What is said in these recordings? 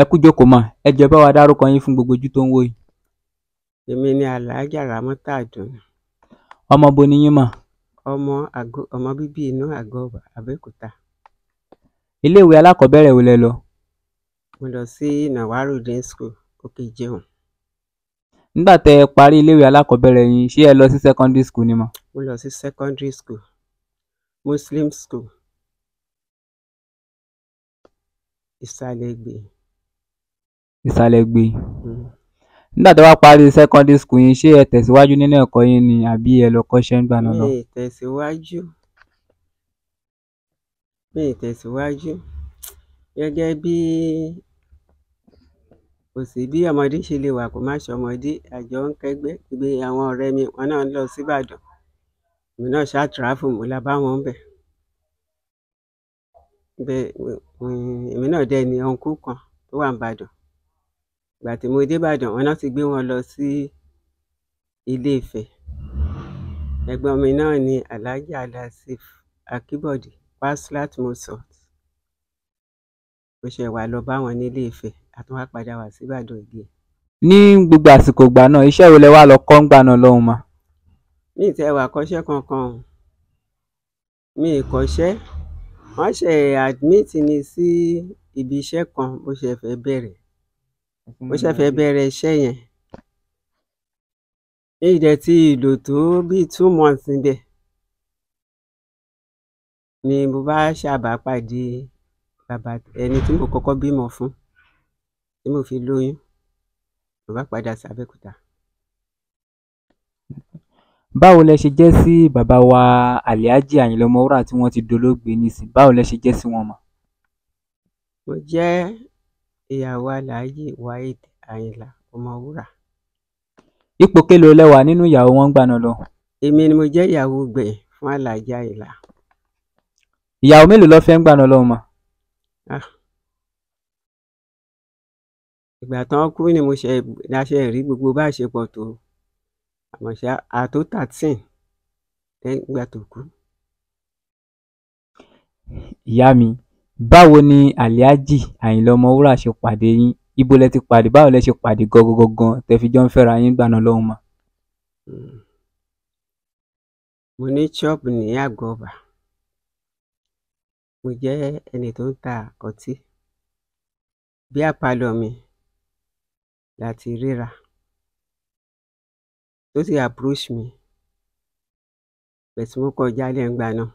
ẹ kú jókòó mà ẹ fún gbogbo ojú tó ń wò yìí. èmi ni alhaja ramota ọmọ bo ni yín mà. ọmọ àgọ ọmọ bíbí inú àgọ àbẹ́òkúta. iléèwé alákọ̀ọ́bẹ̀rẹ̀ wo lọ. mo lọ sí nawarudin school òkè jẹun. nígbà tẹ ẹ parí iléèwé alákọ̀ọ́bẹ̀rẹ̀ ẹ lọ sí secondary school ni mà. lọ sí secondary school muslim school ìsàlẹ̀ ìsálégbé. Hmm. nígbà tó wá parí secondary school yín ṣé ẹ tẹ̀síwájú nínú ẹ̀kọ́ yín ni àbí ẹ lọ kọ́ṣẹ́ ńgbà náà lọ. mi ì tẹ̀síwájú mi ì tẹ̀síwájú gẹ́gẹ́ bí kò sí bí ọmọdé ṣe lè wà kó má ṣọmọdé àjọ ń kẹ́gbẹ́ gbé àwọn ọ̀rẹ́ mi wọn náà ń lọ síbàdàn èmi náà ṣáà travel mo la bá wọn ń bẹ̀. èmi náà dẹ̀ ní ọ̀nkú kan tó wà níbàdàn ìgbà tí mo débàdàn wọn náà ti gbé wọn lọ sí iléìfẹ̀ ẹ̀gbọ́n mi náà ni alhaji alasif akibodi, waslat mozart mo ṣe wà lọ bá wọn nílé Ifẹ̀ àtúnwá padà wá síbàdàn ìgbẹ. ní gbogbo àsìkò ìgbà náà iṣẹ́ wo lẹ wá lọ kọ́ ń gbà náà lọ́hùn ma. mi ì tẹ́ wà kọ́ṣẹ́ kankan o mi ì kọ́ṣẹ́ wọ́n ṣe admit mi sí ibi iṣẹ́ kan bó ṣe fẹ́ bẹ̀rẹ̀ ó ṣẹ̀fẹ̀ hmm. bẹ̀rẹ̀ iṣẹ́ yẹn èyí dẹ̀ ti lò tó bíi two months níbẹ̀ ni mo bá ṣàbàpàdé bàbá ẹni tí mo kọ́kọ́ bímọ fún tí mo fi lóyún mo bá padà sàbẹ̀kúta. báwo lẹ ṣe jẹ́ sí bàbá wa Alhaji Àyìnlá Ọmọwúrà tí wọ́n ti dolóògbé nísìnyí báwo lẹ ṣe jẹ́ sí wọn mọ́. mo jẹ́ Ìyàwó Alàájì Waheed Àyìnlá Ọmọwúrà. Ipò kelòó lẹ wà nínú ìyàwó wọn ńgbà náà lọ́hùn? Èmi ni mo jẹ́ ìyàwó gbẹ̀yìn fún Alàájì Àyìnlá. Ìyàwó mélòó ló fẹ́ ńgbà náà lọ́hùn mà? Ah. Ìgbà tán kú ni mo ṣe la rí gbogbo bá ṣe pọ̀ tó àmọ́ ṣá a tó thirteen lẹ́yìn ìgbà tó kú. Ìyá mi Báwo ni Alhaji Àyìnlá Ọmọwúrà ṣe pàdé yín? Ibo lẹ ti pàdé? Báwo lẹ ṣe pàdé gangan tẹ fi jọ ń fẹ́ra yín nígbà náà lọ́hùn mà? Mo ní ṣọ́ọ̀bù ní Àgọ́-Ọ̀bà. Mo jẹ́ ẹni tó ń ta ọtí. Bíà pálọ̀ mi la ríra tó sì approach mi but mo kọ̀ jálẹ̀ náà.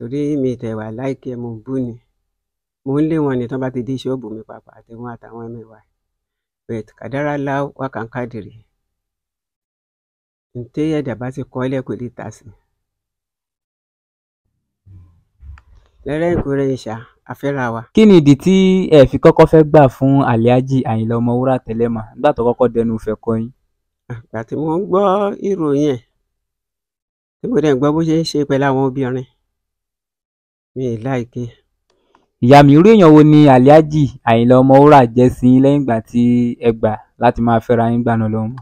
torí mi tẹ̀wà láìkẹ́ mo bú ni mo ń lé wọn ni tán bá ti dé ṣọ́ọ̀bù mi pàpà àti wọn àtàwọn ẹmẹ̀wà bẹ́ẹ̀ kàdára lá wákàǹkàdìrì ntẹ́ ẹ̀dá bá ti kọ́ ẹlẹ́kùn lè ta sí i. lẹ́rẹ́ ìkórè ìṣà àfẹ́ra wa. kí ni ìdí tí ẹ fi kọ́kọ́ fẹ́ gbà fún Alhaji Àyìnlá Ọmọwúrà Tẹ̀lẹ́mà nígbà tó kọ́kọ́ dẹnu ìfẹ́ kọ yín. àgbà tí mo ń gbọ́ ìròyìn ẹ̀ tí mo dẹ̀ gbọ́ bó ṣe ń ṣe pẹ̀lú àwọn obìnrin mi ì láìkí ẹ̀. ìyá mi irú èèyàn wo ni alhaji àyìnlá ọmọwúrà jẹ́ sí yín lẹ́yìn ìgbà tí ẹ gbà láti máa fẹ́ra yín gbà náà lọ́hùn.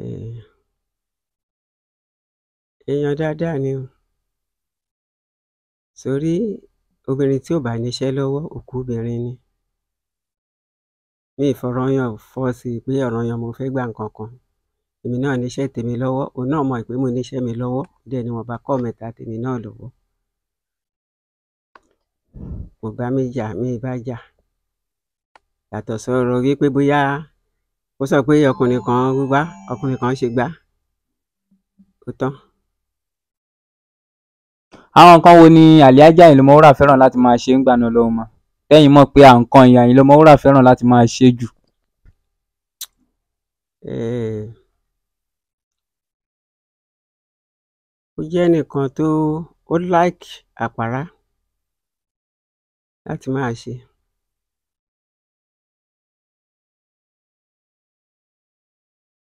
Eh, èèyàn dáadáa ni o sórí obìnrin tí ò bá níṣẹ́ lọ́wọ́ òkú obìnrin ni mi ì fọ̀rọ̀ yàn fọ́ sí i pé ọ̀ranyàn mo fẹ́ gbà nǹkan kan èmi náà níṣẹ́ tèmi lọ́wọ́ òun náà mọ̀ pé mo níṣẹ́ mi lọ́wọ́ díẹ̀ ni wọ́n bá kọ́ mẹ́ta tèmi náà lọ́wọ́ kò bá mi jà mi bá jà yàtọ̀ sọ̀rọ̀ wípé bóyá ó sọ pé ọkùnrin kan wá ọkùnrin kan ṣe gbá ó tán. àwọn nǹkan wo ni Alhaja Ayinla Ọmọwúrà fẹ́ràn láti máa ṣe ń gbaná lọ́wọ́ mọ́ tẹ́yìn mọ̀ pé àwọn nǹkan Ayinla Ọmọwúrà fẹ́ràn láti máa ṣe jù. Eh, Ó jẹ́ ẹnìkan tó ó like àpárá láti máa ṣe.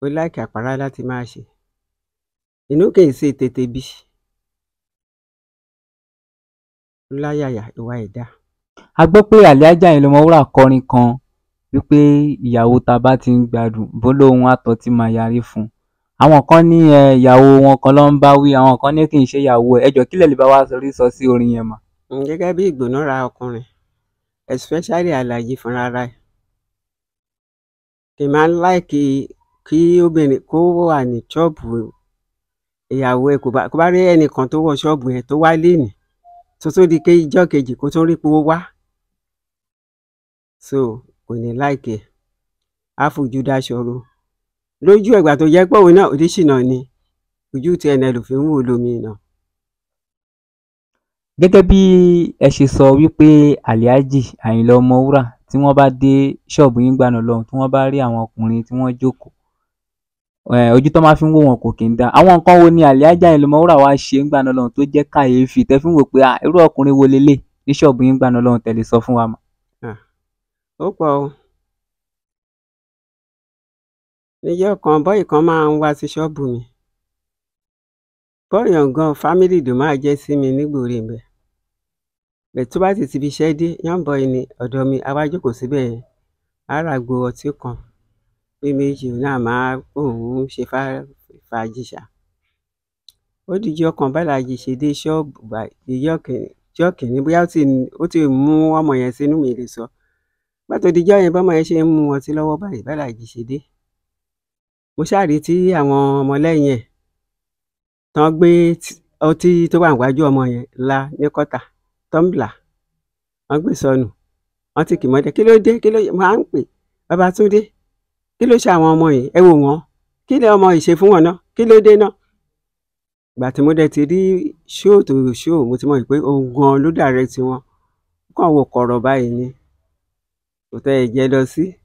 Ó like àpárá láti máa ṣe. Inú kì í ṣe tètè bí. Ó láyàyà ìwà ẹ̀ A gbọ́ pé Àlẹ́ Àjàyí Ọ̀mọwúrà kọrin kan wí ìyàwó ta bá ti ń gbádùn bólóhùn àtọtí máa yarí fún un àwọn kan ní ẹ ìyàwó wọn kan ló ń bá wí àwọn kan ní kì í ṣe ìyàwó ẹ ẹ jọ lè bá wa rí sọ sí orin yẹn mà. gẹ́gẹ́ bí ìgbónára ọkùnrin especially Àlàjí fúnra rẹ̀ kì máa ń láìkì kí obìnrin kó wà ní ṣọ́ọ̀bù ìyàwó ẹ kò bá rí ẹnìkan tó wọ ṣọ́ọ̀bù yẹn tó wá léènì tó tó di pé ijọ́ kejì kó tó rí pé ó wá so kò ní láìkì ẹ á fojú dá ṣọ̀rọ̀ lójú ẹgbà tó jẹ́ pé òun náà ni ojú ti ẹnẹ lò fi ń wò lómi náà. gẹ́gẹ́ bí ẹ ṣe sọ wípé aliaji àyìnlá ọmọwúrà tí wọ́n bá dé ṣọ́ọ̀bù yín gbàna tí wọ́n bá rí àwọn ọkùnrin tí wọ́n jókòó ojú tó máa fi ń kò ni àyìnlá ọmọwúrà wá ṣe ń lọ́hùn tó jẹ́ tẹ́ wò wo lélẹ̀ ní ṣọ́ọ̀bù yín fún wa ó níjọ kan bọì kan máa ń wá sí ṣọọbù mi bọì ọgán fámìlì ìdùnnú máa jẹ sí mi nígbòòrè mbẹ bẹ́ẹ̀ tó bá sì ti fi iṣẹ́ dé yánbọyì ni ọ̀dọ̀ mi àwa jókòó síbẹ̀ yẹn àràgbo ọtí kan pé méjì náà máa òun ṣe fàájì ṣá ó dìjọ kan bàlájì ṣe dé ṣọọbù ìjọ kìíní bóyá ó ti mú ọmọ yẹn sínú mi lè sọ gbàtò dìjọ yẹn bọmọ yẹn ṣe ń mu ọtí lọ́wọ́ báyìí bàlájì ṣe dé mo ṣáà rí tí àwọn ọmọlẹ́yìn ẹ̀ tán gbé ọtí tó wà níwájú ọmọ yẹn la ní kọ́tà tọ́ḿbìlà wọ́n gbé sọnù wọ́n ti kì mọ́lẹ̀ kí ló dé kí ló máa ń pè Babátúndé kí ló ṣe àwọn ọmọ yìí ẹ wò wọ́n kí lè ọmọ yìí ṣe fún wọn náà kí ló dé náà ìgbà tí mo dẹ̀ ti rí ṣóò tó ṣóò mo ti mọ̀ pé òun gan ló dàrẹ́ tiwọn kàn wò kọ̀rọ̀ báyìí ni kò tẹ́ ẹ jẹ́ lọ sí. Si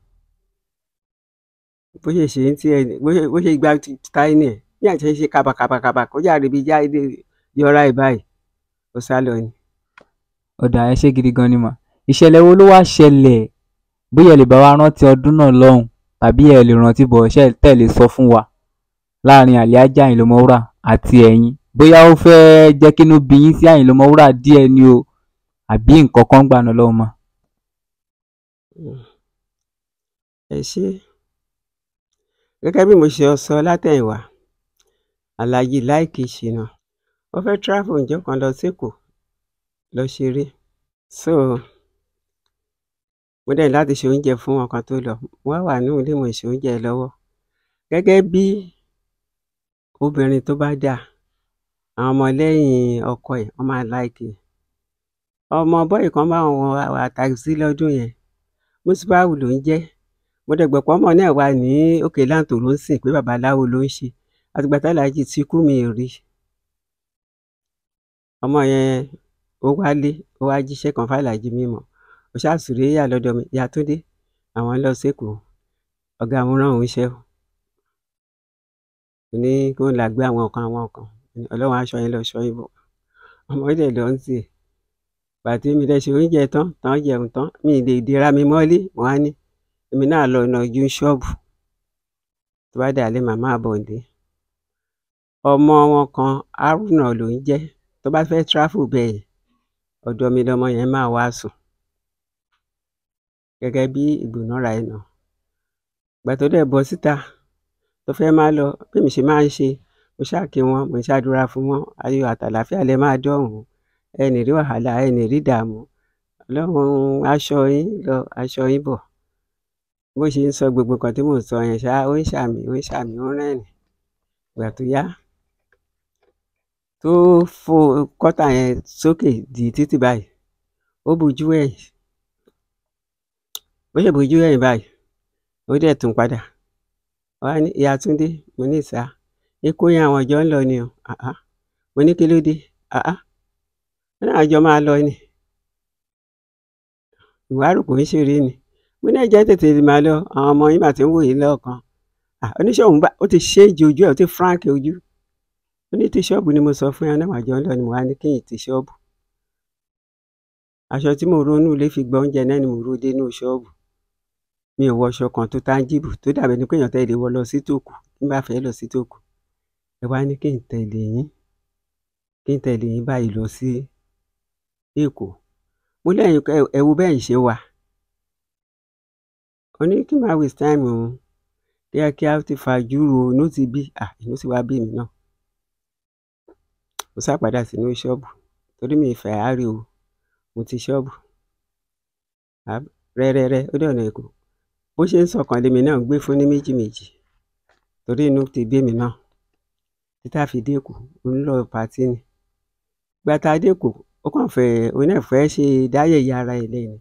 bó ṣe ṣe ń tiẹ̀ bó ṣe gba táyé nìyẹn ní àti ṣe kàbàkàbàkàbà kó jáde bíi jáde yọra ẹ̀ báyìí ó sá lọ ni. ọ̀dà ẹ ṣé gidi gan ni mà ìṣẹ̀lẹ̀ wo ló wá ṣẹlẹ̀ bóyá ẹ lè bá wa rántí ọdún náà lọ́hùn tàbí ẹ lè rántí bọ̀ ṣe tẹ̀lé sọ fún wa láàrin Alhaja Ayinla Ọmọwúrà àti ẹ̀yin bóyá ó fẹ́ jẹ́ kínú bí yín sí Ayinla Ọmọwúrà díẹ̀ ni o àbí nǹkan kan gbà náà lọ́wọ́ mà. ẹ ṣe gẹ́gẹ́ bí mo ṣe sọ látẹ̀yìnwá aláàjì láìkí ṣìnà ó fẹ́ travel ǹjọ́ kan lọ sékòó lọ ṣeré so mo dẹ̀ láti ṣe oúnjẹ fún wọn kan tó lọ mo wá wà ní ilé mo ṣe oúnjẹ lọ́wọ́ gẹ́gẹ́ bí obìnrin tó bá dáa àwọn ọmọlẹ́yìn ọkọ ẹ̀ wọ́n máa láìkí ọmọ bọ́ọ̀ì kan bá wọn wa táìsì lọ́dún yẹn Musbau ló ń jẹ́ mo dẹ̀ gbọ̀pọ̀ ọmọ náà wà ní òkè láǹtòrò ń sìn pé babaláwo ló ń ṣe àtìgbà táláàjì ti kú mi rí ọmọ yẹn ó wálé ó wá jíṣẹ́ kan fàlàjì mímọ́ ó ṣàṣùrẹ́ yà lọ́dọ̀ mi ìyá Túndé àwọn lọ sẹ́kọ̀ọ́ ọ̀gá àwọn rán òun iṣẹ́ o ní kó ń làgbé àwọn kan àwọn kan ọlọ́run aṣọ yẹn lọ ṣọ yín bọ̀ ọmọ ilẹ̀ lọ ń tiẹ̀ pàtó mi lẹ́sẹ̀ oúnjẹ tán tán jẹun tán mi ì lè dira mi mọ́lé wọ́n á ní èmi náà lọ ìnàjú ṣọ́ọ̀bù tó bá dàlẹ́ màmá àbọ̀ǹdé ọmọ wọn kan haruna ló ń jẹ́ tó bá fẹ́ tráfù bẹ́ẹ̀ ọ̀dọ̀ mi lọmọ yẹn máa wá sùn gẹ́gẹ́ bí ìgbónára ẹ̀ náà ìgbà tó dẹ̀ bọ́ síta tó fẹ́ máa lọ bí mi ṣe máa ń ṣe mo ṣáàkí wọn mo ṣàdúrà fún wọn ayọ̀ àtàlàfíà lẹ máa dọ̀hùn ẹnì rí wàhálà ẹnì rí ìdààmú ọlọ́run aṣọ yín lọ aṣọ yín bọ̀ bó ṣe ń sọ gbogbo kan tí mò ń sọ yẹn ṣá ó ń ṣàmì ó ń ṣàmì ó ń rẹ́rìn ìgbà tó yá tó fò kọ́tà yẹn sókè di títì báyìí ó bojú ẹ̀yìn bó ṣe bojú ẹ̀yìn báyìí ó dẹ̀ tún padà wá ní ìyá Túndé mo ní ìsá ikú yẹn àwọn ọjọ́ ń lọ ni o mo ní kí ló dé ó ní àwọn máa lọ ni ìwárò kò ń ṣeré ni mo ní ẹ̀jẹ̀ tètè máa lọ àwọn ọmọ yín bàtí ń wò yín lọ́ọ̀kan oníṣòwò ń bá ó ti ṣéèjì ojú ẹ̀ ó ti frank ojú ó ní tíṣọ́ọ̀bù ni mo sọ fún yẹn náà àjọ ńlọ ni mo wá ní kéyìn tíṣọ́ọ̀bù aṣọ tí mo ronú ilé fi gbọ́ oúnjẹ náà ni mo ro dé inú ṣọ́ọ̀bù mi ò wọṣọ kan tó táńjìbù tó dàbí ẹni pé èèyàn tẹ̀lé wọ lọ sí tòkù ń bá fẹ́ lọ sí tòkù ẹ wá ní kí tẹ̀lé yín kí tẹ̀lé yín báyìí lọ sí èkó mo lẹ́yìn ẹ bẹ́ẹ̀ ṣe ó ní kí máa waste time òun kíákíá ó ti fàjúrò inú ti bí inú sì wá bí mi náà mo sápadà sínú ṣọ́ọ̀bù torí mi ìfẹ́ àárẹ̀ o mo ti ṣọ́ọ̀bù rẹ́rẹ́rẹ́ ó dẹ̀ ọ̀nà èkó bó ṣe ń sọ̀kan lèmi náà gbé fún ní méjì méjì torí inú ti bí mi náà títà fi dẹ́kù onílọ pàtí ni gbàtà dẹ́kù ó kàn fẹ́ onífẹ́ ṣe dáyẹ̀yẹ ara ẹ̀ lẹ́yìn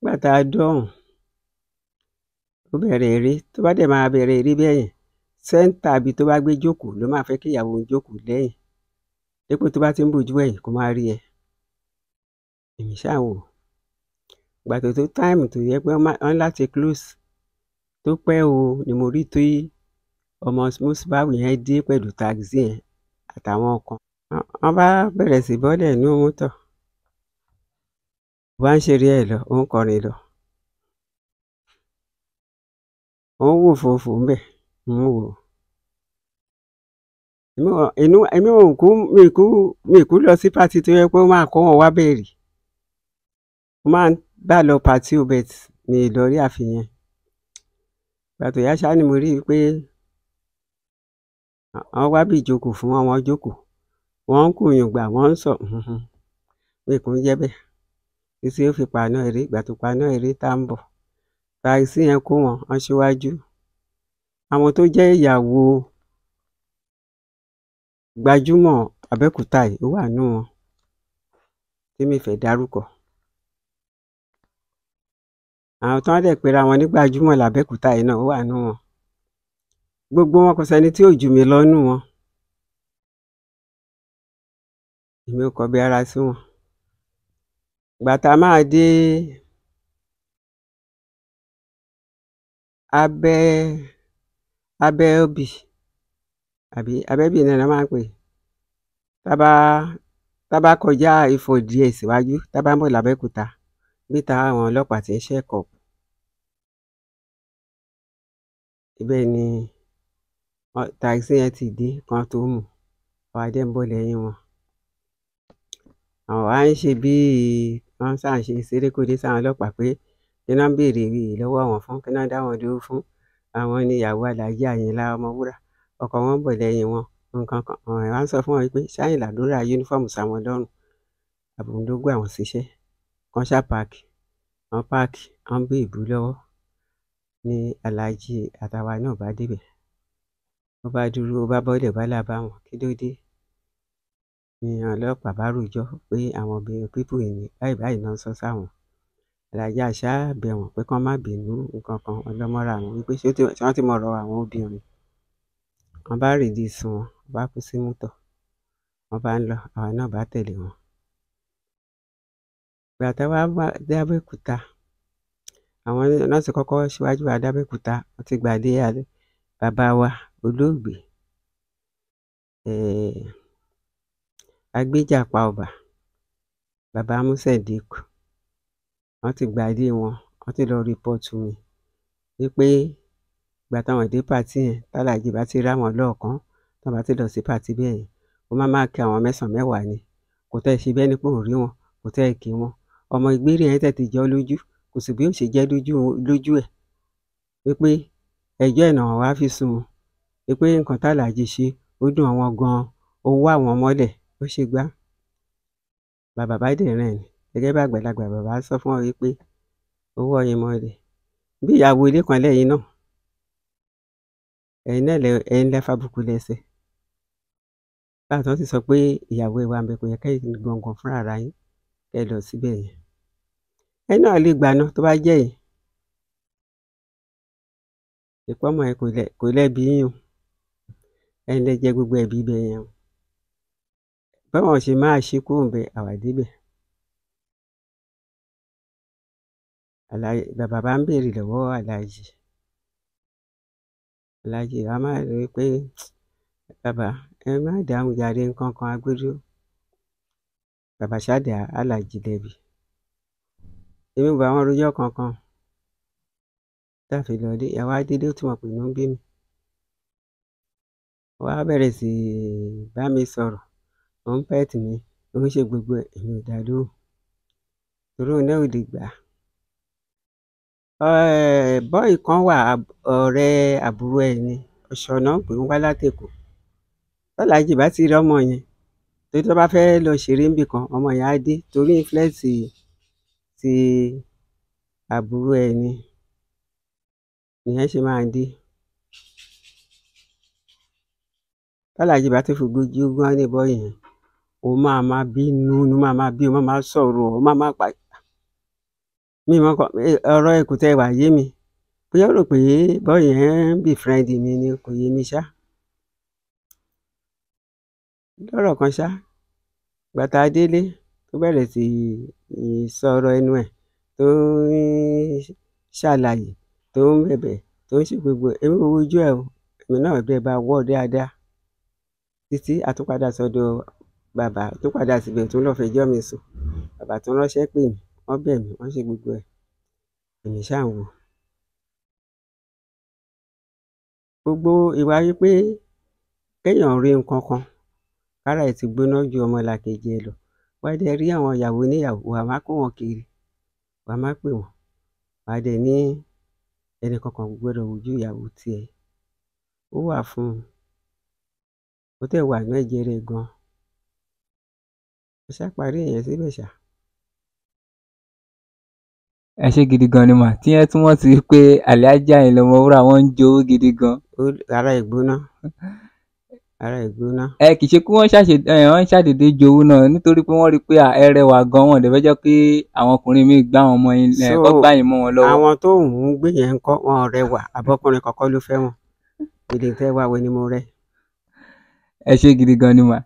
gbàtà dọ́hùn ó bẹ̀rẹ̀ eré tó bá dẹ̀ máa bẹ̀rẹ̀ eré bẹ́ẹ̀ yẹn sẹ́ńtà ibi tó bá gbé jókòó ló máa fẹ́ kí ìyàwó òun jókòó lẹ́yìn dípò tó bá ti ń bojú ẹ̀yìn kó máa rí ẹ èmi ṣáà ìgbà tó tó táìmù tó yẹ pé wọ́n láti close tó pẹ́ o ni mo rí tó ọmọ musbau yẹn dé pẹ̀lú taxi yẹn àtàwọn kan wọ́n bá bẹ̀rẹ̀ sí bọ́lẹ̀ ní òun tọ̀ wọ́n á ń ṣeré ẹ̀ lọ òun kọrin lọ. Wọ́n ń wòfòófòó ńbẹ̀, wọ́n ń wò ó. Èmi èmi ò kú mi kú mi kú lọ sí party tó jẹ́ pé ó máa kó wọn wábẹ̀ rí. Mo máa ń gbà lọ party o but mi ì lọ rí àfi ìyẹn. Ìgbà tó yá ṣá ni mo rí i pé wọ́n wábi ìjókòó fún wọn, wọ́n jókòó. Wọ́n ń kùùyùngbà, wọ́n ń sọ̀ hùnhùn. ń jẹ́ bẹ́ẹ̀ títí ó fi paná eré. Ìgbà tó paná eré tá ń bọ̀ láìsí ìyẹn kó wọn aṣíwájú àwọn tó jẹ ìyàwó gbajúmọ àbẹòkúta yìí ó wà nù wọn tí mi fẹẹ dárúkọ àwọn tó ń dẹ pera wọn ní gbajúmọ làbẹòkúta yìí náà wà nù wọn gbogbo wọn kò sẹni tí ò jù mí lọ nù wọn èmi ò kọbi ara sí wọn gbàtà máa dé. De... abẹ abẹ́ obì àbí abẹ́bì náà la máa ń pè é tá a bá tá a bá kọjá Ifọ̀ díẹ̀ síwájú tá a bá ń bọ̀ lábẹ́òkúta níta àwọn ọlọ́pàá ti ń ṣẹ̀kọ̀ ibẹ̀ ni takisí yẹn ti dé kan tó mú àwa dẹ̀ ń bọ̀ lẹ́yìn wọn àwọn wá ń ṣe bíi wọ́n ṣáà ń sáwọn ọlọ́pàá pé iná ń béèrè lọ́wọ́ àwọn fún kí náà dá wọn dúró fún àwọn níyàwó aláàjì àyìnlá ọmọwúrà ọkọ wọn ń bọ̀ lẹ́yìn wọn nǹkan kan ọ̀rẹ́ wa ń sọ fún wọn pé ṣáyìnlá ló ra yunifọ́ọ̀mù sáwọn lọ́rùn àbùn ló gbà wọ́n páàkì wọn páàkì wọn bí ìbú lọ́wọ́ ní aláàjì àtàwa náà bá débẹ̀ ó bá dúró ó bá bọ́lẹ̀ bá là wọn kí ló dé ni ọlọ́pàá bá rojọ́ pé àwọn obìnrin pípò yìí báyìí báyìí náà ń sọ sáwọn Ayárábiàsá bẹ̀ wọ́n pé kán má bínú nǹkankan ọlọ́mọ́ra àwọn wí pé ṣé wọ́n ti mọ ọ̀rọ̀ àwọn obìnrin. Wọ́n bá rìlíìsì wọn, wọ́n bá kó sí mọ́tò, wọ́n bá ń lọ, àwa náà bá tẹ̀lé wọn. Ìgbà tá a wá dÁbẹ́òkúta, àwọn náà ti kọ́kọ́ ṣíwájú wa dÁbẹ́òkúta, wọ́n ti gbà dé bàbá wa olóògbé um Agbéjàpá ọba Bàbá Músè Díkù wọ́n ti gba ID wọn wọ́n ti lọ rìpọ́ọ̀tù mi wípé ìgbà táwọn dé pàtí yẹn tálàjì bá ti ráwọn lọ́ọ̀kan tó bá ti lọ sí pàtí bẹ́ẹ̀ yẹn ó má má kí àwọn mẹ́sàn-án mẹ́wàá ni kò tẹ́ ṣe bẹ́ẹ̀ ni pé ò rí wọn kò tẹ́ kí wọn ọmọ ìgbérè yẹn tẹ̀ ti lójú kò sì bí ó ṣe jẹ́ lójú ẹ̀ wípé ẹjọ́ ẹ̀ náà wá fi sùn wípé nǹkan tálàjì ṣe ó dùn àwọn gan-an ó wá àwọn ó ṣe gbá bàbá bá dẹ̀ rẹ̀ ni gẹ́gẹ́ bí àgbàlagbà bàbá á sọ fún wọn wípé owó ọyẹmọ rè bí ìyàwó ilé kan lẹ́yìn náà ẹ̀yin náà ẹ̀yin lẹ fàbùkù lẹ́sẹ̀ láàtọ́ sì sọ pé ìyàwó ẹ̀ wà ń bẹ kò yẹ kẹ́yìn gbọ̀ngàn fúnra ara yín kẹ́ lọ síbẹ̀ yẹn ẹ̀yin náà lè gbà náà tó bá jẹ́ yìí ìpọ́nmọ́ ẹ kò lẹ́bi yín o ẹ̀yin lè jẹ gbogbo ẹ̀bi ibẹ̀ yẹn o báwọn ṣe máa ṣe kó ń bẹ àwàdébẹ̀ aláàjì bàbá ń béèrè lọ́wọ́ aláàjì aláàjì a máa rí i pé bàbá ẹ má dáhùn jàre nǹkan kan agbójú bàbá ṣáàdì aláàjì lẹ́bi èmi ò bá wọn rojọ́ kankan tàfi lọlé ìyàwó adélé tí wọn pè ló ń bí mi wọn á bẹ̀rẹ̀ sí í bá mi sọ̀rọ̀ òun pẹ́ẹ́tì mi òun ṣe gbogbo ẹ̀ èmi torí òun náà ò lè gbà á um eh, bọ́ì kan wà ọ̀rẹ́ àbúrò ẹ̀ ní ọ̀ṣọ́nà pé ń wá látẹ̀kọ́ tọ́làjì bá ti rí ọmọ yẹn torí tó bá fẹ́ lọ ṣeré níbì kan ọmọ yẹn á dé torí influence ti àbúrò ẹ̀ ni nìyẹn ṣe máa dé tọ́làjì bá ti fògbójú ogún á ní bọ́ì yẹn ó máa máa bínú ó máa máa bí ó máa máa sọ̀rọ̀ ó máa máa pàṣẹ mi mọ ọ̀rọ̀ ẹ kò tẹ wà yé mi bóyá ó rò pé bọ́ọ̀yì ẹ̀ ń bì friend mi ni kò yé mi ṣá lọ́rọ̀ kan ṣá gbàtà délé tó bẹ̀rẹ̀ sí sọ̀rọ̀ ẹnu ẹ̀ tó ń ṣàlàyé tó ń bẹ̀bẹ̀ tó ń ṣe gbogbo èmi ò wojú ẹ̀ o èmi náà bẹ́ẹ̀ bá wọ́ dáadáa títí àtúpadà sọ́dọ̀ bàbá tó padà síbẹ̀ tó lọ́ọ́ fẹjọ́ mi sùn bàbá tó ránṣẹ́ pè mí wọ́n bẹ̀ mí wọ́n ṣe gbogbo ẹ̀ èmi ṣáà ń wò. gbogbo ìwà wípé kéèyàn rí nǹkan kan kára ẹ̀ ti gbóná ju ọmọlàkejì ẹ̀ lọ wá dé rí àwọn ìyàwó níyàwó wàá má kó wọn kiri wàá má pè wọn wàá dé ní ẹnì kankan gbọ́dọ̀ wojú ìyàwó tiẹ̀ ó wà fún un ó tẹ̀ wà ní ẹ̀jẹ̀ rẹ̀ gan-an ó ṣáà síbẹ̀ ṣáà ẹ ṣe gidi gan ni mà tíyẹn túmọ̀ sí pé Alhaji Àyìnlá Ọmọwúrà wọ́n ń jowó gidi gan. ara ìgbóná ara ìgbóná. ẹ kì í ṣe pé wọ́n ń ṣàdédé jowó náà nítorí pé wọ́n rí i pé ẹ rẹwà gan wọn dẹ̀ fẹ́ jẹ́ pé àwọn ọkùnrin míì gbá wọn mọ ilẹ̀ kọ́ gbá yín mọ́ wọn lọ́wọ́. àwọn tó ń hùn gbé yẹn ń kọ́ wọn rẹwà àbọ́kùnrin kọ̀ọ̀kan ló fẹ́ wọn èdè tẹ́ wá wo ni mo rẹ́. ẹ ṣe gidi gan ni mà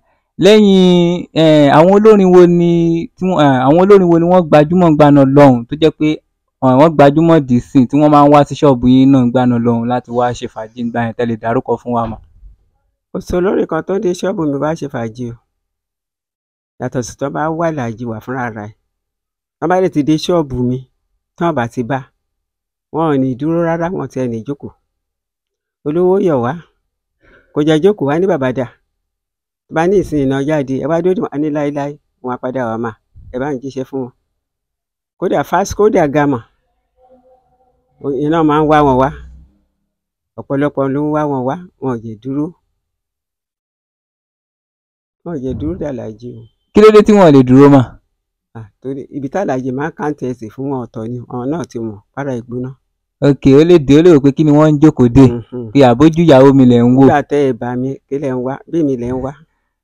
lẹ́yìn um àwọn olórin wo ni tí wọ́n um àwọn olórin wo ni wọ́n gbajúmọ̀ ńgbàna lọ́hùn-ún tó jẹ́ pé um wọ́n gbajúmọ̀ dì sìn tí wọ́n máa ń wá sí ṣọ́ọ̀bù yín náà ńgbàna lọ́hùn-ún láti wá ṣe fàájì ńgbà yẹn tẹ́lẹ̀ dárúkọ fún wa mọ́. kò sólórin kan tó dé ṣọ́ọ̀bù mi wá ṣe fàájì o yàtọ̀ sí tó bá wà láàjì wà fúnra rẹ̀ tó bá lè ti dé ṣọ́ọ̀bù mi tán àbá ti bá wọn ò ní dúró rárá wọn ti ẹ̀ ní jókòó olówó yọ̀ wá kò jẹ́ jókòó wá ní bàbá dáa bá ní ìsìn ìná jáde ẹ wá dódò wọn ní láéláé wọn á padà wà má ẹ bá ń jíṣẹ́ fún wọn kódà fásitì kódà gamọ iná máa ń wá wọn wá ọ̀pọ̀lọpọ̀ ló ń wá wọn wá wọn ò jẹ́ dúró wọn ò jẹ́ dúró dàlàjì o. kí ló dé tí wọn ò lè dúró mà. torí ibi tàlàjì máa ń kàǹtì ẹsẹ̀ fún wọn ọ̀tọ̀ ni àwọn náà ti mọ̀ para ìgbóná. ok ó lè dé ó lè rò pé kí ni wọ́n ń jókòó dé mhm. pé àbójú ìyàwó mi lẹ̀ ń wò. nígbà tẹ́ ẹ bá mi kí lẹ̀ ń wá bí mi lẹ̀ ń wá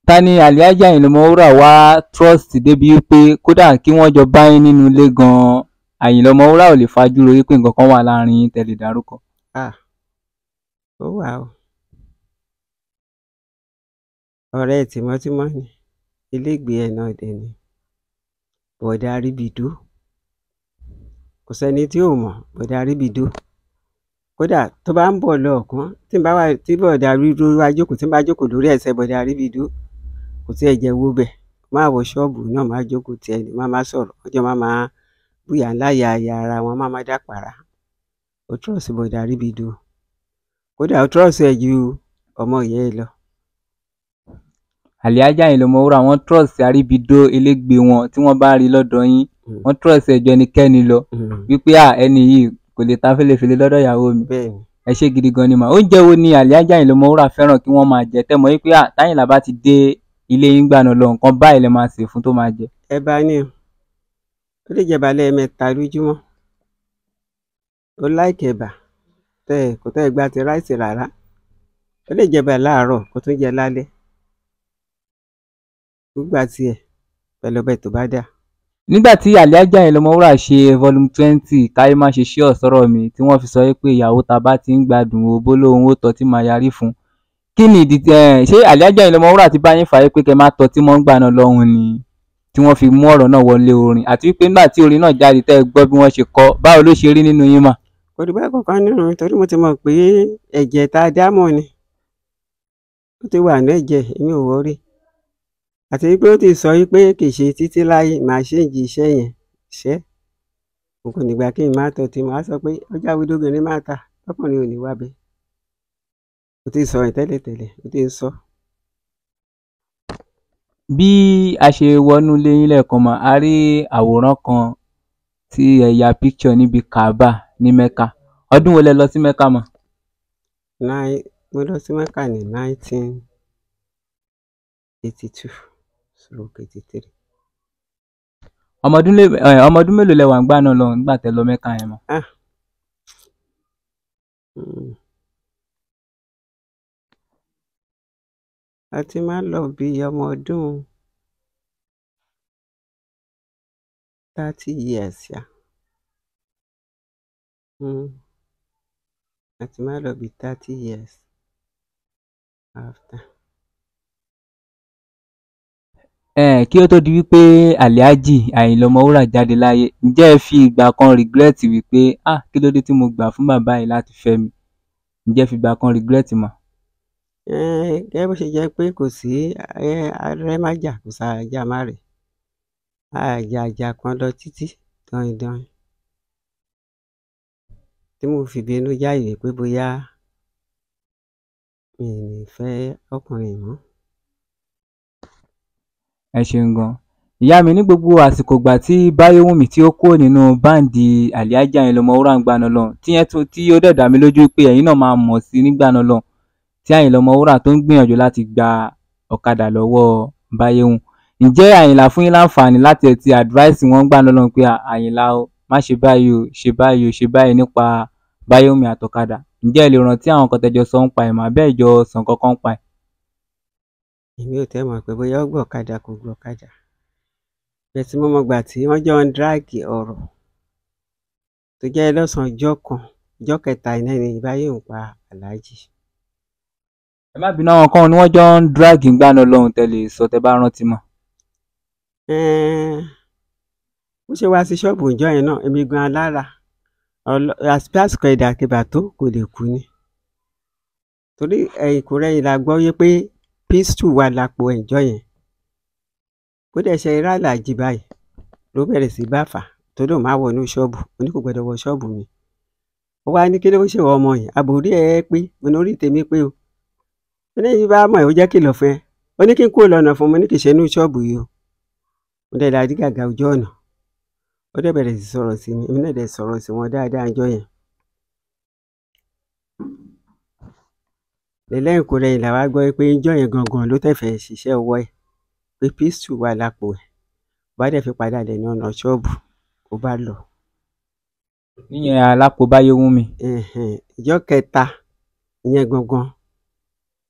ta ni alhaji ayíǹde ọmọwúrà wá trust débi wípé kódà kí wọ́n jọ bá yín nínú ilé gan-an ayíǹde ọmọwúrà ò lè fajú ro wípé nǹkan kan wà láàrin yín dárúkọ. ó wà ni ilégbèé ẹ̀ náà dẹ̀ ni bọ̀dà ríbidú kò sẹ́ni tí ò mọ̀ bọ̀dà ríbidú kódà tó bá ń bọ̀ lọ́ọ̀kan tí bọ̀dà ríbidú wá jókòó tí bá jókòó lórí ẹsẹ̀ bọ̀dà ríbidú kò tí ẹ jẹ wo bẹ máa wọ ṣọ́ọ̀bù náà máa jókòó tiẹ̀ ní máa máa sọ̀rọ̀ ọjọ́ máa máa bùyà ńlá ya aya ara wọn máa máa dàpàrà ó trọ́ọ̀sì bọ̀dà ríbido kódà ó trọ́ọ̀sì ẹ̀ ju ọmọ ìyá ẹ lọ. Alhaja Ayinla Ọmọwúrà wọn trọ́ọ̀sì Aríbidó elégbé wọn tí wọ́n bá rí lọ́dọ̀ yín hmm. wọ́n trọ́ọ̀sì ẹ̀jọ́ ẹnikẹ́ni lọ hmm. wípé à ẹni yìí kò lè ta fèlèfèlè lọ́dọ̀ ìyàwó mi ẹ ṣé gidi gan ni mà oúnjẹ wo ni Alhaja Ayinla Ọmọwúrà fẹ́ràn kí wọ́n máa jẹ tẹ́ mọ̀ wípé à táyìnlá bá ti dé ilé yín gbà náà lọ nǹkan báyìí lè máa sè fún tó máa jẹ. ẹ̀bà ni o ó lè jẹ̀bà lẹ́ẹ̀mẹ́ta lójúmọ́ ó láìkì ẹ̀bà tẹ́ ẹ̀ kò tẹ́ ẹ̀ gbá ti ráìsì rárá ó lè jẹ̀bà láàárọ̀ kó tún jẹ lálẹ́ gbígbà tiẹ̀ pẹ̀lú ọbẹ̀ tó bá dà. nígbà tí Alhaja Ayinla Ọmọwúrà ṣe volume twenty Karimo Ṣe Sure sọ̀rọ̀ mi tí wọ́n fi sọ pé ìyàwó ta bá ti ń gbádùn òbó lòun ó tọ́ tí màá yarí fún un kí ni ìdí um ṣé alhaji ayinde ọmọwúrà ti bá yín fà á pé kẹ́ máa tọtí mọ́ ńgbà náà lọ́hùn-ún ni tí wọ́n fi mú ọ̀rọ̀ náà wọlé orin àti wípé nígbà tí orin náà jáde tẹ́ ẹ gbọ́ bí wọ́n ṣe kọ báwo ló ṣe rí nínú yín mà. kò dùbọ́ ẹ̀kọ́ kan nínú mi torí mo ti mọ̀ pé ẹ̀jẹ̀ tá a dámọ̀ ni ó ti wà ní ẹ̀jẹ̀ èmi ò wọ́rí àti wípé ó ti sọ wípé kì í ṣe títí láyé màá ṣe ìjì iṣẹ́ yẹn ṣẹ́ n kò nígbà kí n má tọ́ tí màá sọ pé ọjà wídógìnrin ó ti sọ tẹ́lẹ̀ tẹ́lẹ̀ ó ti sọ. bí a ṣe wọnú ilé yín lẹ́ẹ̀kan mọ́ a rí àwòrán kan tí ẹ ya picture níbi kaaba ní mẹ́ka ọdún wo lẹ lọ sí mẹ́ka mọ́. mo lọ sí mẹ́ka ní nineteen eighty two stroke eighty three. ọmọ ọdún mélòó lẹ wà ń gbà náà lọ nígbà tẹ lọ mẹ́ka yẹn mọ́. Ah. Hmm. àti marlow ọmọ ọdún thirty years um hmm. àti marlow bíi thirty years after. Eh, kí ó tó di wípé alhaji àyìnlá ọmọwúrà jáde láyé ǹjẹ́ ẹ fi ìgbà kan regret wípé ah kí ló dé tí mo gbà fún bàbá yìí láti fẹ́ mi ǹjẹ́ fi ìgbà kan regret mọ́ um gẹ́gẹ́ bó ṣe jẹ́ pé kò sí um arẹmájà kò sáàjàmàrè àjààjà kan lọ títí danin-danin tí mo fi bínú jáde pé bóyá mi ò ní fẹ́ ọkùnrin mọ́. ẹ ṣeun gan-an ìyá mi ní gbogbo àsìkò ìgbà tí báyọ̀wùmí tí ó kó nínú báǹdì àlíájà yẹn lọmọ wúrà ń gbaná lọ tíyẹn tó tí ó dẹ̀ dá mi lójú pé ẹ̀yin náà máa mọ̀ sí nígbà náà lọ tí Àyìnlá Ọmọwúrà tó ń gbìyànjú láti gba ọ̀kadà lọ́wọ́ Báyéhùn. Ǹjẹ́ Àyìnlá fún yín láǹfààní láti ẹ̀ advice wọn nígbà náà lọ́hùn-ún pé Àyìnlá o má ṣe báyìí o ṣe báyìí o ṣe báyìí nípa Báyómi àtọ̀kadà? Ǹjẹ́ ẹ lè rántí àwọn nǹkan tẹ́ jọ sọ nípa ẹ̀ mọ́ àbẹ́ ẹ̀ jọ sọ nǹkan kan nípa ẹ̀? Èmi ò tiẹ̀ mọ̀ pé bóyá ó gbọ́kadà kò gbọ́kadà bẹ́ẹ̀ tí mo mọ̀ gbà tí wọ́n jọ ń dráàgì ọ̀rọ̀ tó jẹ́ lọ́sàn-án ọjọ́ kan ọjọ́ kẹta iná ni Báyómi pa Aláàjì ẹ má bínú àwọn kan ni wọ́n jọ ń dráàgì ńgbà náà lọ́hùn tẹ́lẹ̀ sọ tẹ́ bá rántí mọ́. bó ṣe wá sí ṣọ́ọ̀bù ìjọ yẹn náà èmi gan alára àti àsìkò ẹ̀dà àkebà tó kò lè kú ni torí ẹ̀yìn kò rẹ̀yìn la gbọ́ yé pé pistol wà lápò ìjọ yẹn kó dẹ̀ ṣe irá làjì báyìí ló bẹ̀rẹ̀ sí bá fà tó lóun máa wọ inú ṣọ́ọ̀bù oní kò gbọ́dọ̀ wọ ṣọ́ọ̀bù mi ó wá ní kí ló ń ṣèwọ ọmọ yìí àbòrí ẹ pé mo ní orí tèmi pé o oníyìí bá mọ̀ ẹ́ ó jẹ́ kìlọ̀ fún ẹ ó ní kí n kúrò lọ́nà fún mo ní kì í ṣe inú ṣọ́ọ̀bù yìí o mo dẹ̀ la dígàgà ojú ọ̀nà ó dẹ̀ bẹ̀rẹ̀ sí sọ̀rọ̀ sí mi èmi náà dẹ̀ sọ̀rọ̀ sí wọn dáadáa ọjọ́ yẹn. lẹ́lẹ́yìn kò rẹ̀yìn làwa gbọ́ pé ijọ́ yẹn gangan ló tẹ̀fẹ̀ ṣiṣẹ́ ọwọ́ ẹ̀ pé pistol wà lápò ẹ̀ bá dẹ̀ fi padà dẹ̀ ní ọ̀nà ṣọ́ọ̀bù kó bá lọ. níyẹn alápò báyé wú mi. ìjọ kẹta ìyẹn gangan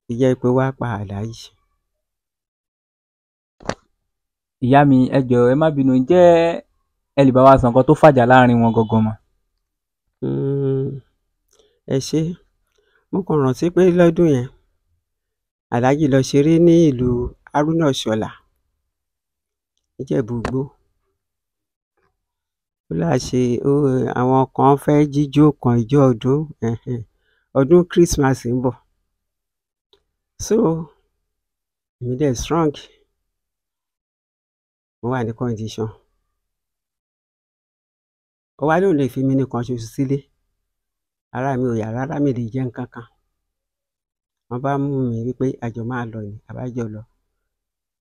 ti jẹ́ pé ó wá pa àdá yìí. Ìyá mi ẹ jọ̀ọ́ ẹ má bínú ǹjẹ́ ẹ lè bá wa sọ nǹkan tó fàjà láàrin wọn gangan mọ́? um ẹ ṣé mo kàn rántí pé lọ́dún yẹn Alhaji lọ ṣeré ní ìlú Haruna Ìṣọ̀lá níjẹ̀bú-ìgbó ó là ṣe àwọn kan fẹ́ jíjó kan ijó ọdún ọdún Christmas ń bọ̀ So, èmi dẹ̀ strong. Mo wà ní condition. Ó wá lóun lè fi mí nìkan ṣoṣo sílé. Ara mi ò yá rárá mi lè jẹ nǹkan kan. Wọ́n bá mú mi wípé àjọ máa lọ ni, a bá jọ lọ.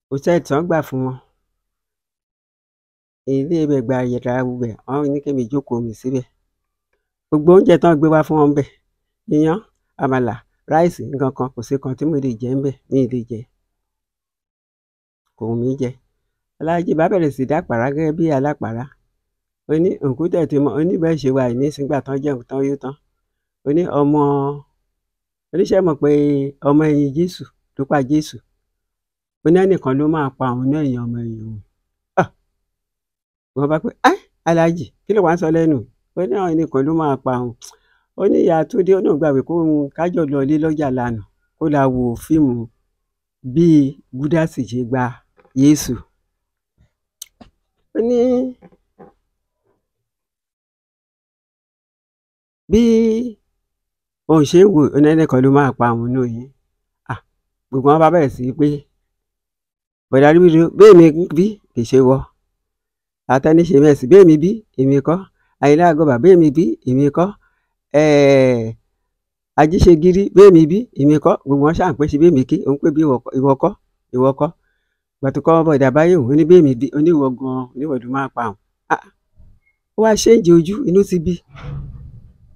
Hòtẹ́ẹ̀lì tí wọ́n gbà fún wọn, ilé ibẹ̀ gba yàrá ibẹ̀, wọ́n ní kémi jókòó mi síbẹ̀. Gbogbo oúnjẹ tí wọ́n gbé wá fún wọn ńbẹ̀, iyán, àmàlà, Rice nǹkan kan kò sí kan tí mo lè jẹ ń bẹ mi lè jẹ kò mí jẹ aláàjì bá bẹ̀rẹ̀ sí dápàrà gẹ́gẹ́ bí ní tí mo oníbẹ̀ ṣe wà tán jẹun tán yó tán ọmọ oníṣẹ́ ọmọ ẹ̀yìn jésù jésù ẹnìkan ló máa pa ọmọ ẹ̀yìn òun ah! bá ẹ́ aláàjì kí ló wàá sọ lẹ́nu ó ó ní ìyá túnde ó náà gbàgbé kóun kájọ lọ ilé lọ́jà lánàá kó la wo fíìmù bíi gúdásì ṣe gba yéésù ó ní bí òun ṣe ń wò onẹ́nìkan ló máa pa àwọn náà yìí gbogbo wọn bá bẹ̀rẹ̀ sí pé bọ̀dà rúbìrú bẹ́ẹ̀ bí kì í ṣe wọ àtẹniṣe mẹ́sì bẹ́ẹ̀ bí èmi kọ́ àyìnlá àgọ́bà bẹ́ẹ̀ bí èmi kọ́ Eh, ajíṣegírí bẹ́ẹ̀mí bí èmi kọ́ gbogbo wọn ṣáà ń pè sí bẹ́ẹ̀mí kí òun pè bí ìwọ kọ́ ìwọ kọ́ gbàtú kọ́ ọmọ ìdàbá yìí òun ní bẹ́ẹ̀mí di oníwọ̀ gan oníwọ̀dù máa pa òun ah, ó wá ṣéǹjì ojú inú ti bí